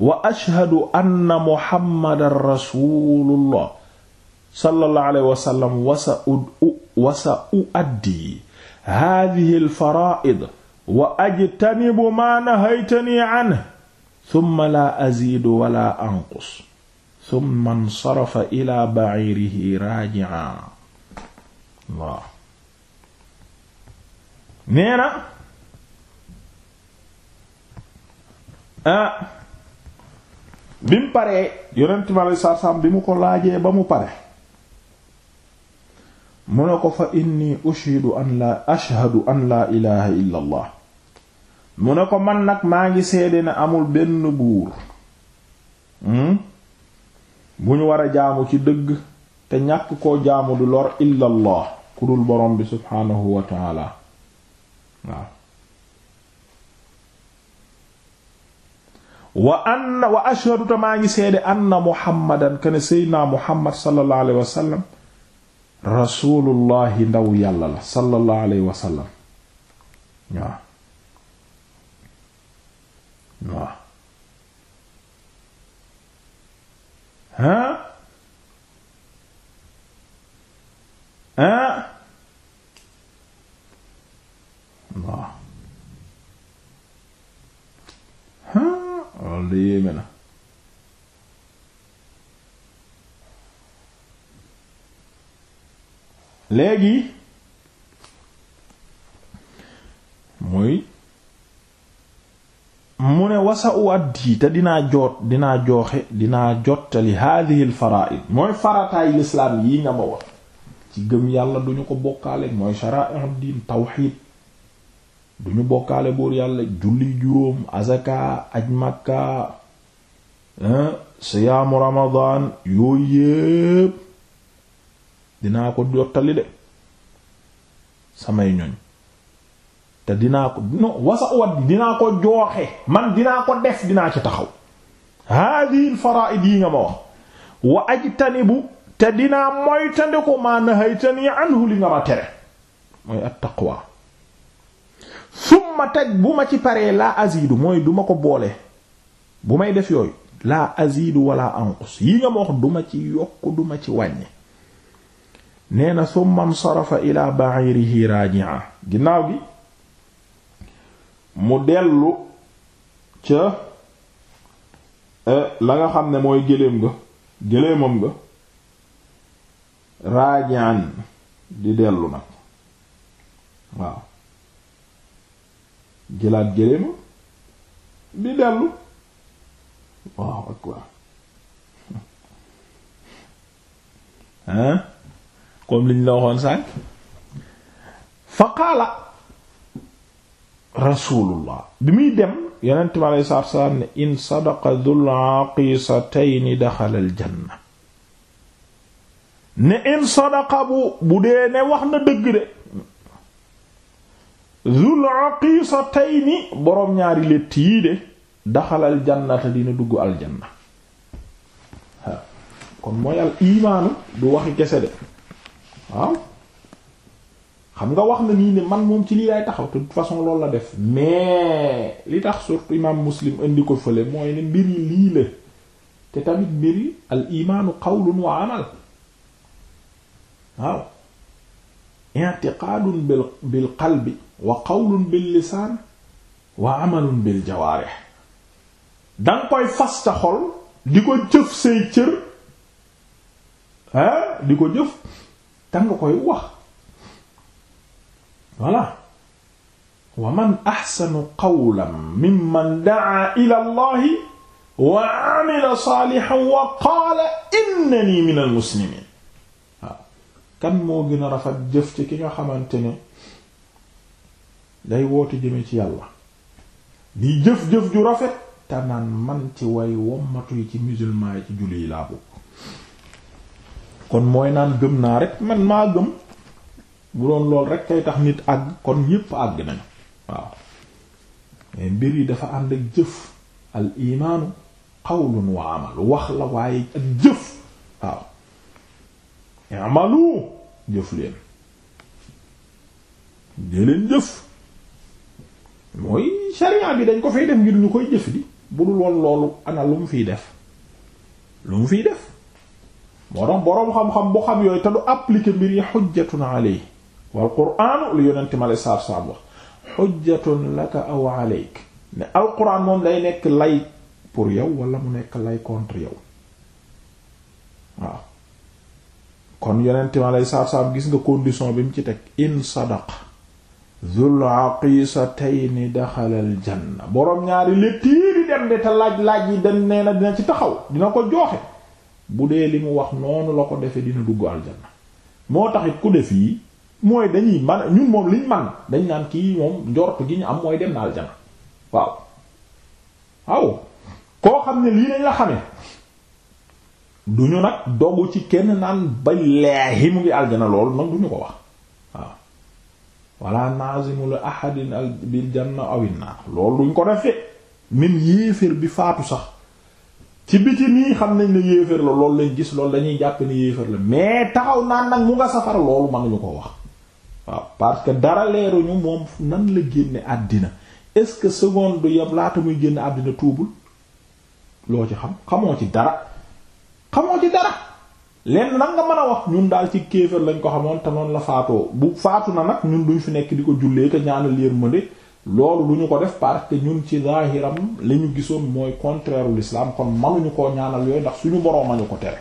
wa ashhadu anna muhammadan rasulullah sallallahu alayhi wa sallam wa sa u wa sa uaddi haadihi alfara'id wa ajtanibu ma nahaytani anhu thumma la azidu wala anqus thumma insarafa ila ba'irihi raaji'an waaw nee na ah bi mu paree yonent mi aleyhi salaatu bi mu ko laajee ba mu pare mu ne ko fa inni ushidu an la ashhadu an laa ilaha illa mu ne ko man nag maa ngi seede ne amul benn buur hmm, bu ñu war a jaamu ci dëgg te ñàkk koo jaamu du lor illa allah ku dul borom bi subhaanahu wa taala wa anna wa ashhadu ta seede anna muhammadan kana seydina muhammad sallallahu alayhi wa sallam rasulullahi ndaw yàlla la sallallahu alayhi wa sallam loolu de yéeme na léegi muy mu ne wasa u addi te dinaa joot dinaa jooxe dinaa jottali haadihi lfaraid mooy farataay lislaam yi nga ma wax ci gëm yàlla duñu ko bokkaale mooy sharaa'ir diin tawxiid duñu bokkaale buur yàlla julli juróom azaka aj makka siyaamu ramadan yooyu yépp dinaa ko jottali de samay ñoñ te dinaa ko no wasa wat dinaa ko jooxe man dinaa ko def dinaa ci taxaw hadihi al fara'id yi nga ma wax wa ajtanibu te dinaa moytandiku maa nahaytani anhu li nga ma tere mooy at taqwa summa taj bu ma ci paree laa azidu mooy duma ko boole bu may def yooyu laa azidu wala anqus yi nga ma wax duma ci yokk duma ci wàññi neena nee na summa nsarafa ila ba'irihi raji'a ginnaaw bi mu dellu ca eh, la nga xam ne mooy gëléem nga gëléemam nga raji'an di dellu nag waaw jëlaat géléema di dellu waaw ak waaw hein comme liñ la waxoon sànq fa qaala rasulullah bi muy dem yonent bi alei salaatu salaam ne in sadaqa dhul aqisatayn daxala al janna ne in sadaqa bu bu dee ne wax na dëgg de zul ni boroom ñaari létt yii de daxalal jannata dina dugg aljanna waaw kon mooy al imaanu du waxi kese de waaw xam nga wax na nii ne man moom ci lii lay taxaw te de façon loolu la def mais li tax surtout imaam muslim indi ko fële mooy ne mbir yi lii la te tamit mbir yi al imaanu qawlun wa amal waaw i'tiqadun bil qalbi wa qawlun bil lisaan wa amalun bil jawaarih danga koy fas ca di ko jëf say cër di ko jëf danga koy wax voilà wa man axsanu qawlan mimman da'a ila allahi wa amila saalihan wa qaala kan moo gën a rafet jëf ci ki nga xamante ne day woote jëme ci yàlla di jëf-jëf ju rafet te naan man ci way wommatu yi ci musulman yi ci julli yi laa bokk kon mooy naan gëm naa rek man maa gëm bu lool rek kay tax nit àgg kon yépp àgg nañu waaw mais mbir yi dafa ànd ak jëf al imaanu qawlun wa amal wax la waaye ak jëf waaw amalu jëf leen dee leen jëf mooy sharia bi dañ ko fay def ngir ñu koy jëf di bu dul woon loolu ana lu mu fiy def lu mu fiy def moo boroom xam-xam bu xam yooyu te du appliquer mbir yi xujjatun aley wal qur'anu lu yonente ma lay saab saab wax xujjatun laka aw aleyk moom day nekk lay pour yow wala mu nekk lay contre yow waaw kon yonente ma lay saab saab gis nga condition bi mu ci teg in sadaq zul aqiisatayni daxalal janna boroom ñaari létt yii di dem de te laaj-laaj yi dem nee na dina ci taxaw dina ko jooxe bu dee li mu wax noonu la ko defe dina dugg aljanna moo taxit ku def yi mooy dañuy man ñun moom liñ man dañ naan kii moom njort gi ñu am mooy dem na aljanna waaw waaw koo xam ne lii lañ la xamee duñu nag dogu ci kenn naan ba leehi mu ngi aljana loolu nag duñu ko wax waaw wala nazimul ahadin al bil janna awin naar loolu duñ ko defee même yéeféer bi faatu sax ci biti nii xam nañ ne yéeféer la loolu lañ gis loolu dañuy jàpp ne yéeféer la mais taxaw naan nag mu nga safara loolu mënuñu ko wax waaw parce que dara leeruñu moom nan la génne àddina est-ce que seconde du yam laata muy génn àddina tuubul loo ci xam xamoo ci dara xamoo ci dara leen nag nga mën a wax ñun daal ci kéefër lañ ko xamoon te noonu la faatoo bu faatu na nag ñun duñ fi nekk di ko jullee te ñaanal yërmande loolu du ñu ko def parce que ñun ci zaahiram li ñu gisoon mooy contraire u l'islam kon manuñu koo ñaanal yooyu ndax suñu boroom añu ko tere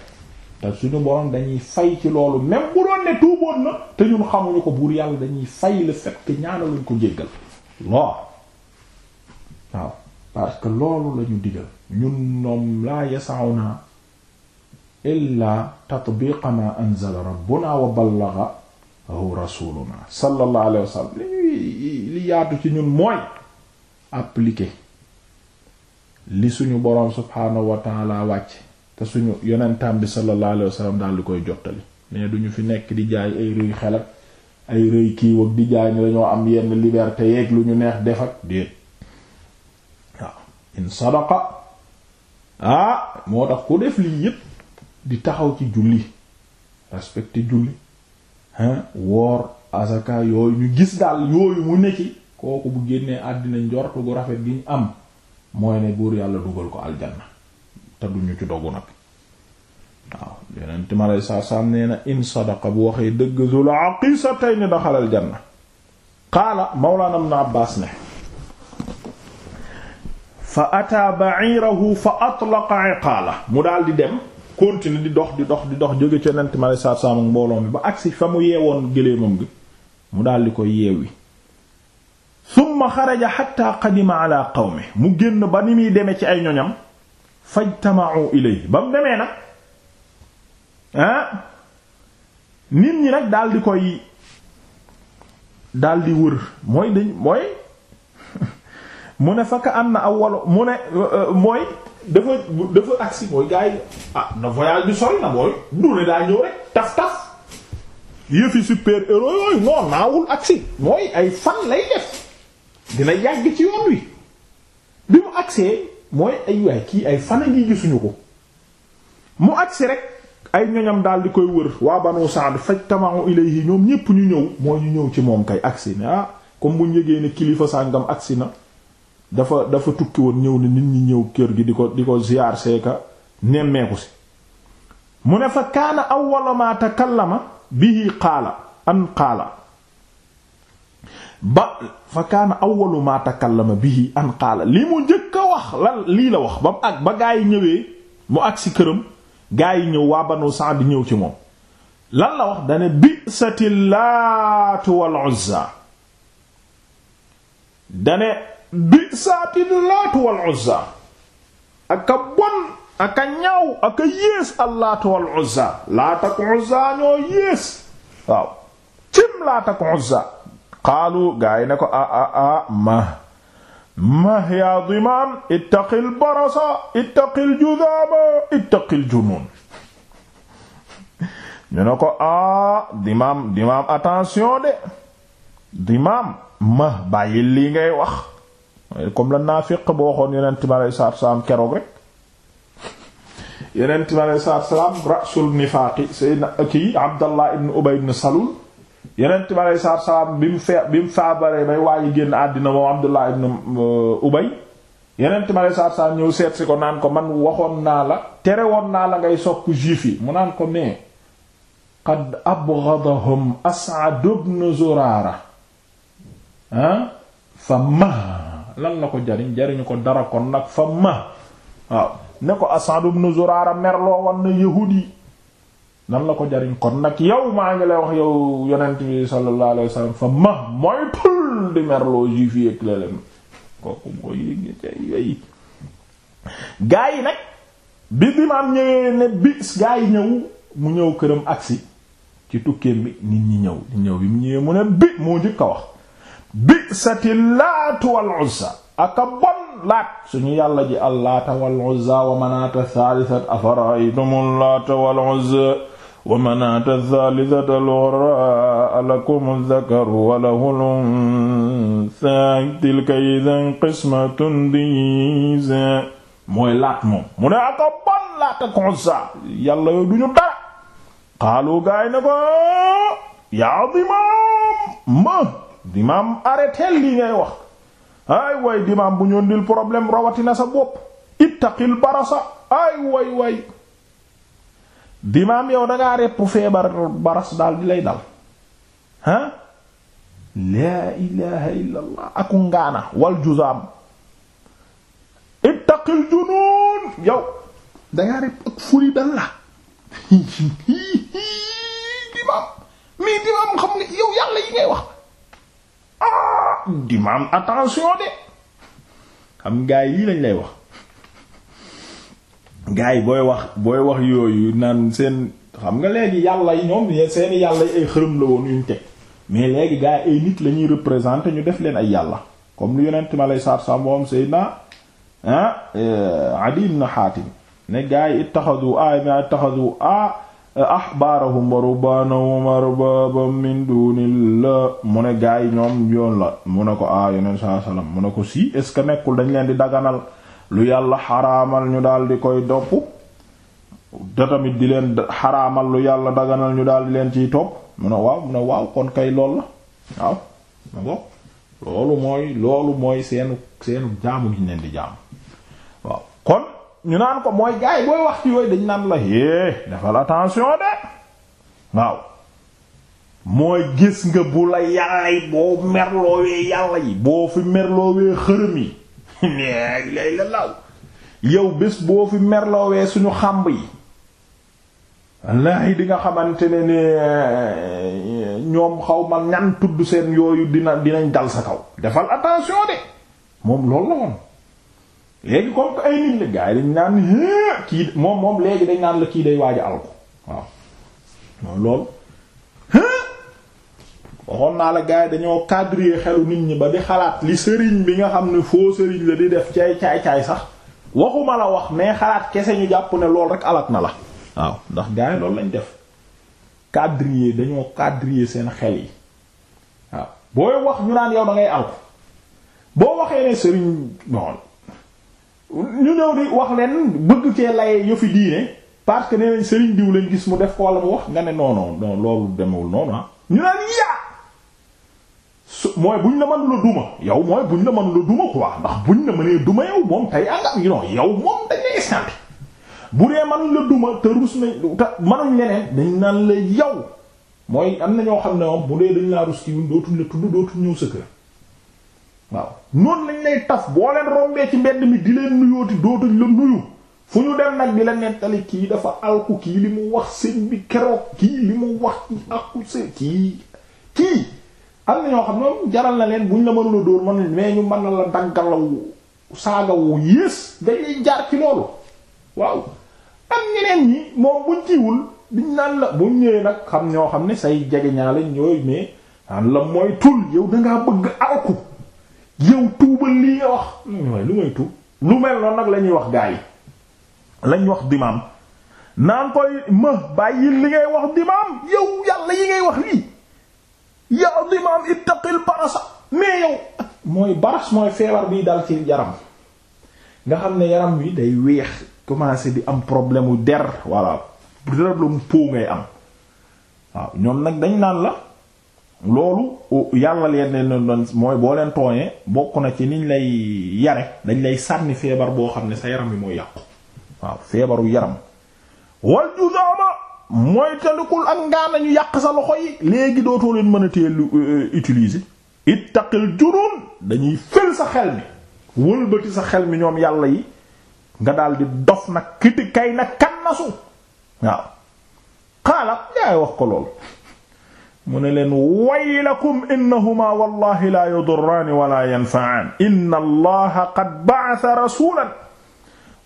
te suñu boroom dañuy fay ci loolu même bu doon ne tuuboon na te ñun xamuñu ko buur yàlla dañuy fay le fait que ñaanaluñ ko jéggal lool waaw parce que loolu lañu digal ñun illaa tatbiqa ma anzala rabbuna wa ballaghahu rasuluna sallallahu alayhi wa sallam li li yaatu ci ñun mooy appliquer li suñu boroom subhaanahu wa wàcce te suñu yonentam bi sallallahu alayhi daal di koy jottali mais duñu fi nekk di jaay ay rëy xelak ay rëy kiiw ak di jaay ni dañoo am yenn liberté yeeg lu ñu neex def ak déet waaw in sadaqa ah, moo tax ku def lii yépp di taxaw ci julli respecté julli hein woor asaka yooyu ñu gis daal yooyu mu ne kooku bu génnee àddina njortu gu rafet gi ñu am mooy ne buur yàlla dugal ko aljanna te duñu ci dogu nag waaw yeneen time alay saa saam nee in sadaqa bu waxee dëgg zul aqisatayn daxal aljanna qaala mawlana ibn abbaas ne fa ataa ba'irahu fa atlaqa iqaala mu dal di dem continuer di dox di dox di dox jóge ci yonent ma saar saam mbooloo mi ba agsi fa mu yeewoon géléemam gi mu daldi koy yeewi summa xaraja xatta qadima ala qawmi mu génn ba ni muy demee ci ay ñoñam fajtama'u ilayhi ba mu demee nag ah nit ñi nag daldi koy daldi wër mooy dañ mooy mu ne fa ka am na awwalo mu ne euh, euh, mooy dafa dafa agsi mooy gars ah na voyage bi sori na mooy du ne daa ñëw rek taf taf yëfi super héros yooyu non naawul agsi mooy ay fan lay def dina yàgg ci yoon wi bi mu agsee mooy ay waay kii ay fan a ngi gisuñu ko mu agsi rek ay ñoñam daal di koy wër waa banu Saad fajtama'u ilayhi ñoom ñépp ñu ñëw mooy ñu ñëw ci moom kay agsi ne ah comme bu ñu yëgee ne kilifa sàngam agsi na dafa dafa tukki woon ñëw nit ñi ñëw kër gi di ko di ko ziyaar seeka nemmeeku si mu ne fa kaana awwala ma takallama bihi qaala an qaala ba fa kaana awwalu ma takallama bihi an qaala li mu njëkk a wax lan lii la wax ba mu ak ba gaa yi ñëwee mu ak si këram gaa yi ñëw waa banu Sa'd di ñëw ci moom lan la wax dane bi'sati Laatu wal Uzza dane bi saatin laatu wal uzza ak bon ak a ñaaw ak a wal uzza laat ak uzza ñoo yées cim laat ak uzza qaalu gaa ne ko a ah, a ah, a ah, ma ma yaa dimaan ittaqil de dimaam ma bàyyi lii ngay wax comme la naafiq boo waxoon yonent bi alayhi salaatu salaam keroog rek yonent bi alayhi salaatu salaam rasul nifaaqi sayyidina kii Abdallah ibn Ubay ibn Salul yonent bi alayhi salaatu salaam bi mu fee bi mu faabaree bay waaye génn àddina moom Abdallah ibn uh, Ubay yonent bi alayhi salaatu salaam ñëw seet ko naan ko man waxoon naa la tere woon naa la ngay sopp juif yi mu naan ko mais qad abghadahum As'ad ibn Zurara ah fa ma lan la ko jariñ jariñu ko dara kon nag fa ma waaw ne ko Asad ibn Zurara merloo wan na yahuud yi lan la ko jariñ kon nag yow maa ngi lay wax yow yonent bi sallallahu alayhi wasallam fa ma mooy pël di merloo juif yi ak leleen kooku mooy yooyu gaa yi nag bi dimaam ñëwee ne bis gaa yi ñëw mu ñëw këram agsi ci tukkeem bi nit ñi ñëw ñëw bi mu ñëwee mu ne bi moo jëkk a wax bi'sati laat wal uzza aka bon laat suñu yàlla ji allaata wal uzza wa manaata thalithat afara'aytumul laata wal uzza wa manaata thalithat al-ukhra alakumuz zakaru wa lahul untha tilka idhan qismatun diza mooy laat moom mu ne aka bon laat ak uzza yàlla yoo duñu dara qaalu gaay na ko yaa adima ma dimaam arrêteel lii ngay wax ay way dimaam bu ñoon dil problème rawatina sa bopp ittaqil barasa ay way way dimaam yow dangaa repp feebar baras daal di lay dal ah laa ilaha illa ngaana wal juzaam ittaqil junuun yow dangaa repp ak furi dal dimaam mii dimaam xam nga yow yàlla yi ngay wax ah di maam attention de xam gaa lii lañ lay wax gaa yi booy wax booy wax yooyu naan seen xam nga léegi yàlla yi ñoom seeni yàlla yi ay xërëm la woon yuñ teg mais léegi gaa yi ay nit la ñuy représenter ñu def leen ay yàlla comme lu yonent ma lay saat sa moom Seydina ah eh, Adi ibn Hatim ne gaa yi ittaxadu a ah, ittaxadu a ah, ahbaarahum wa ruhbaanahum arbaaban min duunillah mu ne gaa yi ñoom yoon la mu ne ko ah yeneen saa salaam mu ne ko si est ce que nekkul dañ leen di daganal lu yàlla xaraamal ñu daal di koy topp te tamit di leen xaraamal lu yàlla daganal ñu daal di leen ciy topp mu ne waaw mu ne waaw kon kay lool la waaw ma bokk loolu mooy loolu mooy seenu seenu jaamu gi ñu leen di jaamu waaw kon. ñu naan ko mooy gaay booy wax ci yooyu dañ naan la é eh, defal attention de waaw mooy gis nga bu la yàlla yi boo merloowee yàlla yi boo fi merloowee xërëm yi neeg lay la yow bés boo fi merloowee suñu xàmb yi wallaahi di nga xamante ne ne ñoom xaw ma ñan tudd seen yooyu dina dinañ dal sa kaw defal attention de moom loolu la woon léegi comme que ay nit la gars yi dañ naan kii moom moom léegi dañ naan la kii day waaj a alko waaw moom loolu waxoon naa la gars yi dañoo cadrer xelu nit ñi ba di xalaat li sëriñ bi nga xam ne foo sëriñ la di def caay caay caay sax waxuma la wax mais xalaat kese ñu jàpp ne lool rek alak na la waaw ndax gars yi loolu lañ def cadrer dañoo cadrer seen xel yi waaw booy wax ñu naan yow da ngay boo waxee ne sëriñ bon ñu ñëw di wax leen bëgg cee laye yëfi diine parce que nee nañ sëriñ diw lañ gis mu def ko wala mu wax nga ne non non non loolu demewul noonu ah ñu naan yaa su mooy buñ la mënula duma yow mooy buñ la mënula duma quoi ndax buñ la mënee duma yow moom tey ànga you non yow moom dañ lay sant bu dee mënuñ la duma te rus nañ te mënuñ leneen dañ naan la yow mooy am na ñoo xam ne moom bu dee dañ laa rus ci dootuñ la tudd dootuñ ñëw sa kër waaw noonu lañ lay taf boo leen rombee ci mbedd mi di leen nuyooti dootuñ la nuyu fu ñu dem nag di la nettali kii dafa alku kii li mu wax sëñ bi keroog kii li mu wax ci akku sëñ kii kii am na ñoo xam ñoom jaral na leen buñ la mënula dóor man mais ñu mën na la daggalaw saagawu yées dañuy jaar ci loolu waaw am ñeneen ñi moom naan la buñ nag xam ñoo xam ne say jege ñaa lañ ñooy mais an la mooy tul yow dangaa bëgg alku yow tuubal lii nga wax lu may tuub lu mel noonu nag la ñuy wax gaa yi lañ wax dimaam naan koy ma bàyyi li ngay wax dimaam yow yàlla yi ngay wax lii yow dimaam ittaqil barasa mais yow mooy baras mooy feebar biy dal ci yaram nga xam ne yaram wi day weex commencé di am problème wu der voilà problème mu po ngay am waaw ñoom nag dañ naan la loolu yàlla leen ne doon mooy boo leen tooñee bokk na ci niñ lay yare dañ lay sànni feebar boo xam ne sa yaram yi mooy yàqu waaw feebaru yaram wal juzaama mooy tëddukul ak ngaana ñu yàq sa loxo yi léegi dootoo leen mën a teel e, utiliser ittaqil juróom dañuy fël sa xel mi wëlbati sa xel mi ñoom yàlla yi nga daal di dof nag kiti kay na kannasu waaw xaalal yaay wax ko lool mu ne leen waylakum innahuma wallahi la yudurraani wala yanfa'aan inna allaha qad ba'atha rasulan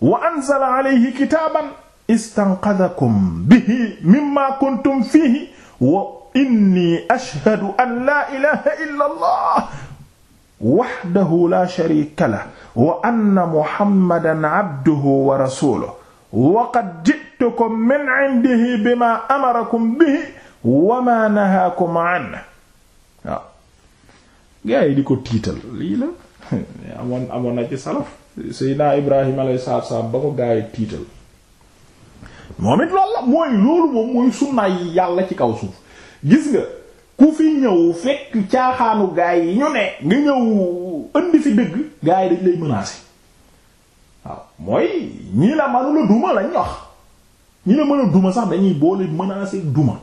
wa anzala alayhi kitaaban istanqadakum bihi mimma kuntum fihi wa inni ashhadu an la ilaha illa allah wahdahu la sharika lahu wa anna muhammadan abduhu wa rasuluhu wa qad ji'tukum min 'indihi bima amarakum bihi wa ma nahaakum an waaw ah. gaa yi di ko tiital lii la amoon amoon na ci salaf Seydina Ibrahim alayhi salaatu salaam ba ko gaa tiital moom it loolu moom mooy sunna yi yàlla ci kaw suuf gis nga ku fi ñëw fekk caaxaanu gaa yi ñu ne nga ñëw indi fi dëgg gaa yi dañ lay menacer waaw mooy ñii la mënula duma lañ wax ñi la mën a duma sax dañuy boole menacer duma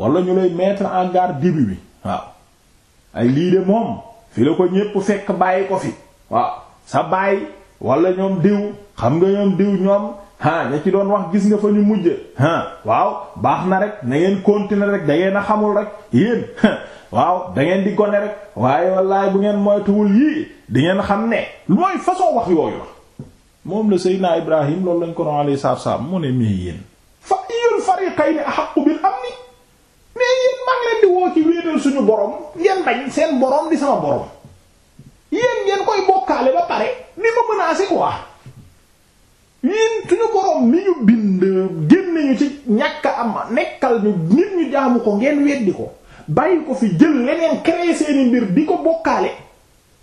wala ñu lay mettre en garde début bi waaw ay lii de moom fi la ko ñépp fekk bàyyi ko fi waaw sa bàyyi wala ñoom diw xam nga ñoom diw ñoom ah ci doon wax gis nga fa ñu mujj waaw baax na rek na ngeen continuer rek da ngeen a xamul rek yéen waaw da di gone rek waaye wallaay bu ngeen moytuwul yii di ngeen xam ne mooy façon wax yooyu la moom la Seydina Ibrahim loolu lañ ko doon alayhi salaam mu ne mais yéen fa iyul fariqayn ahqqu bil amni maa ngi leen di woo ci wéetal suñu borom ngeen bañ seen borom di sama borom yéen ngeen koy bokkaale ba pare ni ma menacé quoi yéen suñu borom ni ñu bind génne ñu ci ñàkk am nekkal ñu nit ñu jaamu ko ngeen weddi ko bàyyi ko fi jël leneen créer seeni mbir di ko bokkaale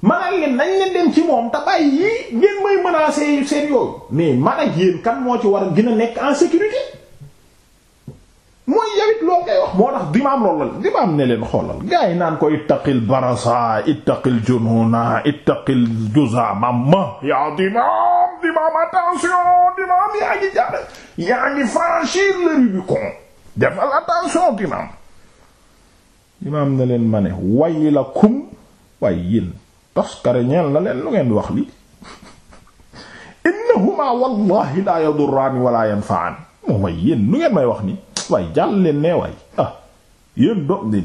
manal leen nañ leen dem ci moom te bàyyi yii ngeen may menacé seen yooyu mais man ak yéen kan moo ci war a gën a nekk en sécurité. mooy yawit loolu ngay wax moo tax dimaam loolu la dimaam ne leen xoolal gars yi naan ko ittaqil barasa ittaqil jununa ittaqil juzama ma yaa dimaam dimaam attention dimaam yaa ngi jaar yaa ngi le Rubicon defal attention dimaam dimaam ne leen ma way la kum waaye yéen toskare ñeel ngeen wax li innahuma wallahi la yadurrani wala yanfa'an moo may yéen lu ngeen may wax ni waay jàll leen nee waay ah yéen doom di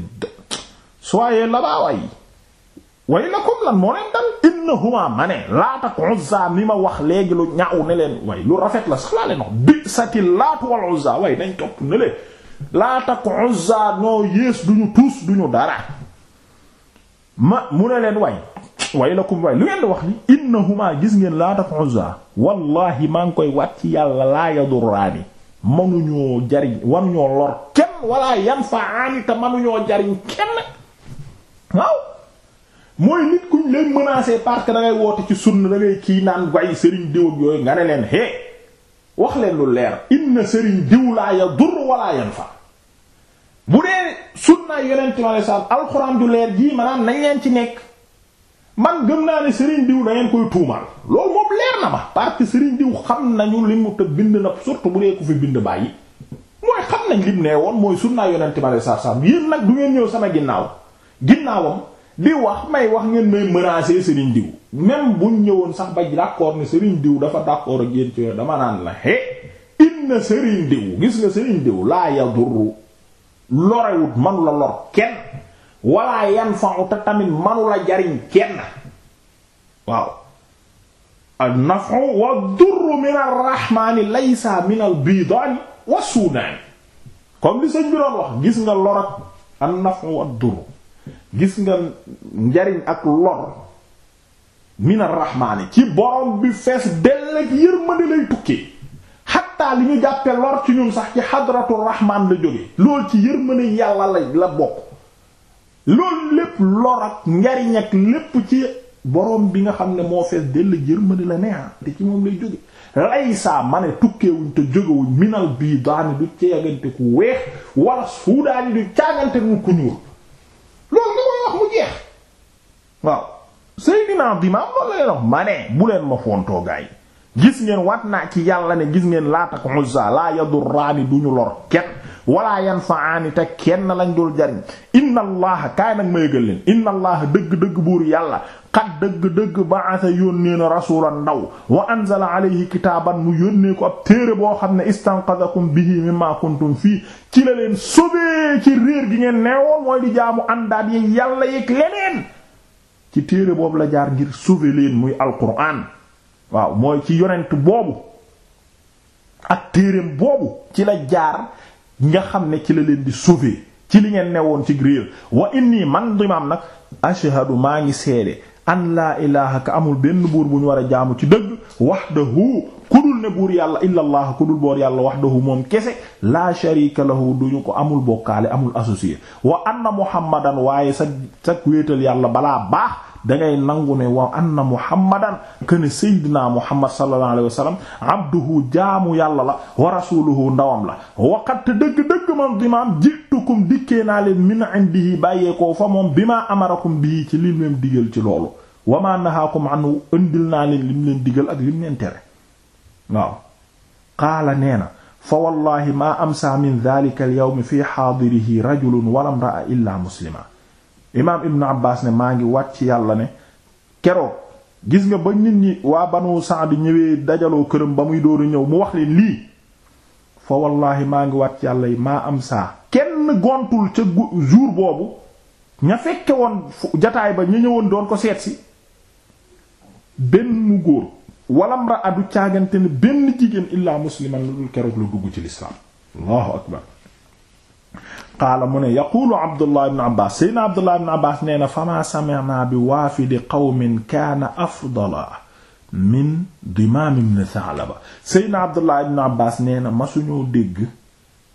soyez là-bas waay way lan moo leen dal innahuma ma ne laat ak Uzza ma wax léegi lu ñaaw ne leen way lu rafet la sax laa leen wax bi sati laatu wal Uzza way nañ topp ne noo yées duñu tuus duñu dara ma mu ne leen way way lakum lu ngeen di wax ni innahuma gis ngeen laat ak Uzza wallahi maa ngi koy wat ci yàlla laa yadurraani manuñoo jariñ wanuñoo lor kenn wala yan fa aani te manuñoo jariñ kenn waaw mooy nit kuñ leen menacé parce que da ngay woote ci sunna da ngay kii naan way sëriñ diw yooyu nga ne leen hé wax leen lu leer inna sëriñ diw laa ya dur wala yan fa bu dee sunna yonent mi alei salam alxuraan du leer jii maanaam nañ leen ci nekk man gëm naa ne Serigne diw da ngeen koy tuumal loolu moom leer na ma parce que diw xam nañu li mu te bind na surtout bu dee ku fi bind bàyyi mooy xam nañ lim nee woon mooy sunnaa yonente ma lay sarsam yéen nag du ngeen ñëw sama ginnaaw ginnaawam di wax may wax ngeen may menacer Serigne diw même buñ ñëwoon sax ba d'accord ne Serigne diw dafa d'accord a yéen ci dama naan la he inna Serigne diw gis nga Serigne diw laa yadurru lorewut man la lor kenn wala yanfa'u te tamit manula jariñ kenn waaw an wa durru min ar-rahmani laysa min al-bidaani wa suudaani comme li sëñ bi doon wax gis nga lor ak an-naf'u wa durru gis nga njariñ ak lor min ar ci borom bi fees dell ak yërmande lay tukkee xatta li ñu jàppe lor ci ñun sax ci hadratur rahman la jóge lool ci yërmande yàlla la la bokk loolu lépp lor ak njariñ ak lépp ci borom bi nga xam ne moo fees dell jërmande la neex te ci moom lay jóge laysaa ma ne tukkeewuñ te jógewuñ minal bii daani du ceegante ku weex wala suudaani du caagante mu ku ñuur loolu nga koy wax mu jeex waaw Seydina Dimaam loolu la ma ne bu leen ma fontoo gaa gis ngeen wat naa ci yàlla ne gis ngeen Laat ak Uzza laa yadurraani duñu lor kenn wala yanfa'aani te kenn lañ dul jariñ inna allaha kaay nag ma yëgal leen inna dëgg-dëgg buur yàlla xat dëgg-dëgg ba'atha yónnee na rasulan ndaw wa anzala alayhi kitaaban mu yónnee ko ab téere boo xam ne istanqadakum bihi mimma kuntum fii ci ci réer gi ngeen neewoon mooy téere boobu la jaar ngir sauver leen muy alquran waaw mooy ci yonent boobu ak téereem boobu ci la jaar nga xam ne ci la leen di sauver ci li ngeen ne woon ci réer wa inni man dimaam nag ashhadu maa ngi seede an laa ilaha ka amul benn buur bu ñu war a jaamu ci dëgg wahdahu ku dul ne buur yàlla illa allah ku dul boor yàlla wax wahdahu moom kese laa sharika lahu duñu ko amul bokkaale amul associé wa anna muhammadan waaye sa sa wéetal yàlla balaa baax dangay nangu ne wa anna muhammadan këne sayyidina muhammad sallallahu alayhi wa sallam abduhu jaamu yàlla la wa rasuluhu ndawam la waqat dëgg-dëgg man dimaam jitukum dikkee naa leen min indihi bàyyeekoo fa moom bi maa amarakum bii ci lim leen digal ci loolu wama nahaakum anhu ëndil naa leen lim leen digal ak lim leen tere waaw qaala nee na fa wallahi maa amsa min dhalika al yawm fi haadirihi rajulun walam ra'a illa muslima imaam ibnu abbas ne maa ngi wàcc yàlla ne keroog gis nga ba nit ñi waa banu saad ñëwee dajaloo këram ba muy dooru ñëw mu wax leen lii fa wallaahi maa ngi wàcc yàlla yi maa am saa kenn gontul ca jour boobu ña fekke woon jataay ba ña ñëwoon doon ko seet benn mu góor walam ra adu caagante ne benn jigéen illaa musliman lu dul keroog lu dugg ci lislaam allahu akbar qaala mu ne yaquulu abdullah ibn abbas seydna abdullah ibn abbas nee na fama sami'na bi waafidi qawmin kaana afdala min dimaam ibn Sa'laba seydna abdullah ibn abbas nee na masuñoo dégg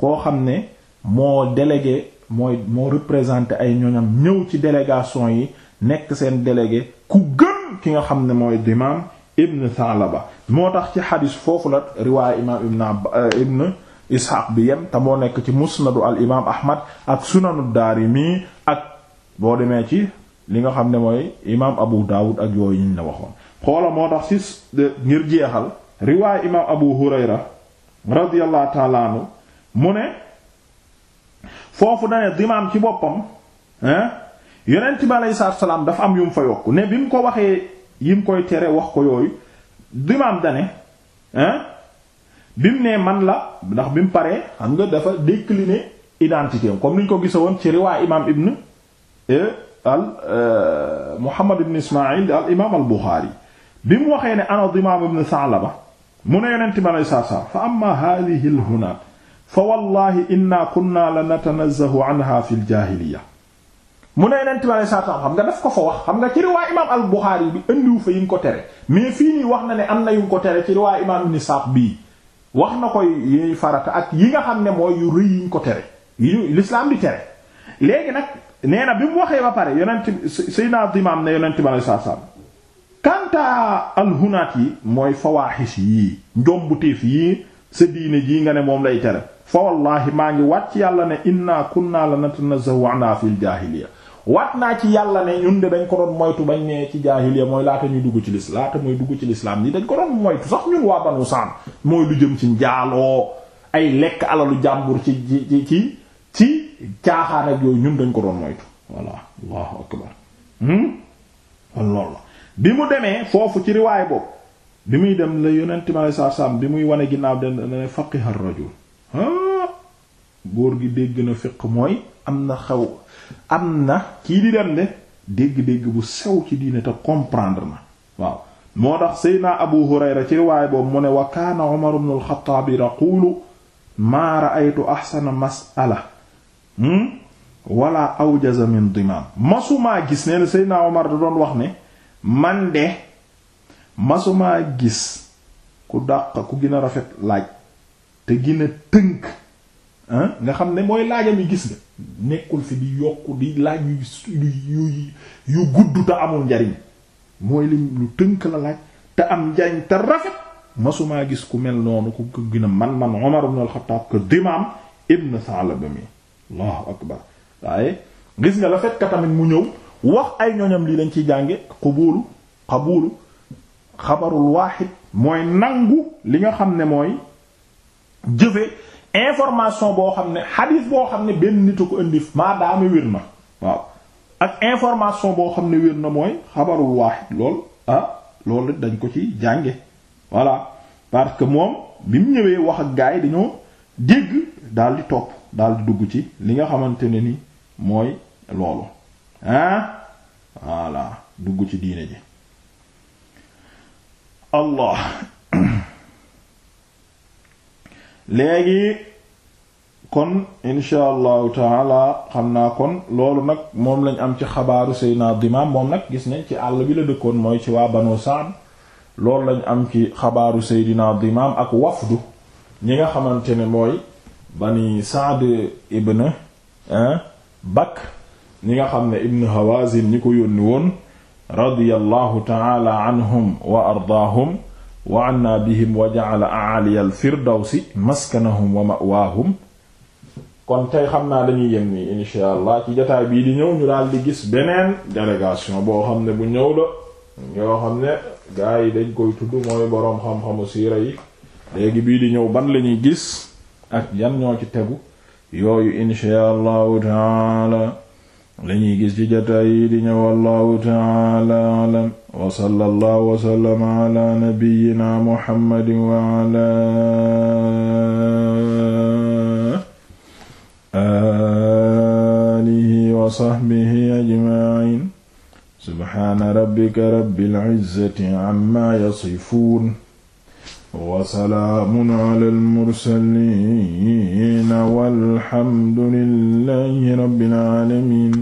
koo xam ne moo délégué mooy moo représenté ay ñoñam ñëw ci délégation yi nekk seen délégué ku gën ki nga xam ne mooy dimaam ibn Sa'laba moo tax ci xadis foofu la riwaaya imaam ibn euh, ibn isxaaq bi yem te moo nekk ci musnadu al imaam ahmad ak sunanu daarimi ak boo demee ci li nga xam ne mooy imaam abu daawud ak yooyu ñu la waxoon xoola moo tax si ngir jeexal riwaay imaam abu hurayra radiyallahu ta'ala mu ne foofu dane dimaam ci boppam hein yonent bi aleyhi salaam dafa am yu mu fa yokk ne bi mu ko waxee yi mu koy tere wax ko yooyu dimaam dane hein bi ne man la ndax bi mu paree xam nga dafa décliner identité comme ni ko gisa woon ci riwaay imaam ibn eh, al eh, Muhammad ibn Ismaïl al imaam al Buxaari bi mu waxee ne ana Dimaam ibn Sa'laba mu ne yonent bi alayhi salaatu salaam fa amma haadihi al hunaat fa wallahi inna kunna la natanazzahu anha fi al jaahiliya mu ne yonent bi alayhi salaatu salaam xam nga ko fa wax xam nga ci riwaay imaam al Buxaari bi fa yi nga ko tere mais fii nii wax na ne am na yu nga ko tere ci riwaay imaam bii wax na ko yi farata ak yi nga xam ne mooy yu rëy yi ñu ko tere yu l'islam di tere léegi nag nee na bi mu waxee ba pare yonent sayna dimaam ne yonent bi alei sat selaam kanta yi mooy fawaxis yii njombuteef yii sa diine jii nga ne moom lay tere fa wallahi maa ngi wàcc yàlla ne inna kunna lanatanazahu anha fil jaahiliya wat naa ci yàlla ne ñun de dañ ko doon moytu bañ ne ci jaahiliya mooy laata ñuy dugg ci lislaam laata mooy dugg ci lislaam ni dañ ko doon moytu sax ñun waa banu saam mooy lu jëm ci njaaloo ay lekk alalu jàmbur ci ci ci ci caaxaan ak yooyu ñun dañ ko doon moytu voilà allahu akbar hmm? kon bi mu demee foofu ci riwaay boobu bi muy dem la yonent ma lay saam bi muy wane ginnaaw de dana faqiha ar-rajul góor gi dégg na fiq mooy am na xew am na kii di dem de dégg-dégg bu sew ci diine te comprendre na waaw moo tax seydna abu hurayra ci riwaay boobu mu ne wa kaana umar ibn al-xattaab yaquulu maa ra'aytu ahsana mas'ala hmm? wala awjaza min dimaam masumaa gis nee na seydna omar da doon wax ne man de masumaa gis ku dàq ku gën rafet laaj te gën tënk nga xam ne mooy laajam yi gis nga nekkul fi di yokku di laaj yu yu yu gudd te amul njariñ mooy lim lu tënk la laaj te am njariñ te rafet masumaa gis ku mel noonu ku ko gën a man man Umar waaye gis nga la fekk tamit mu ñëw wax ay ñoñam lii dañ ciy jànge xubulu xabulu xabarul waaxid mooy nangu li nga xam ne mooy jëfe information boo xam ne xadiis boo xam ne benn nit a ko indi maadaama wér na waaw ak information boo xam ne wér na mooy xabarul waaxid lool ah loolu dañ ko ci jànge voilà parce que moom bi mu ñëwee wax ak gaa yi dañoo dégg daal di topp daal di dugg ci li nga xamante ne ni mooy loolu ah voilà dugg ci diine ji Allah léegi kon insha allahu taala xam naa kon loolu nag moom lañ am ci xabaaru Seydina Dimaam moom nag gis nañ ci àll bi la dëkkoon mooy ci waa Banu Sa'd loolu lañ am ci xabaaru Seydina Dimaam ak wafdu ñi nga xamante ne mooy Bani Sa'd ibn Bakr ñi nga xam ne ibn Hawazin ñi ko yónni woon radiyallahu taala anhum wa ardaahum wa anna bihim wa ja'ala a'aliya al-firdawsi wa ma'waahum kon tey xam naa dañuy yem nii insha allah ci jotaay bii di ñëw ñu daal di gis beneen délégation boo xam ne bu ñëw la yoo xam ne gaa yi dañ koy tudd mooy boroom xam-xamu siira yi léegi bii di ñëw ban lañuy gis ak yan ñoo ci tegu yooyu insha allahu taala lañuy gis ci jataay yi di ñëw wallahu ta'ala a'lam wa sallallahu wa sallama ala nabiyyina muhammadin wa ala alihi wa sahbihi ajma'in subhana rabbika rabbil izzati amma yasifun wa salaamun ala al-mursaliin walhamdulillahi rabbil aalamiin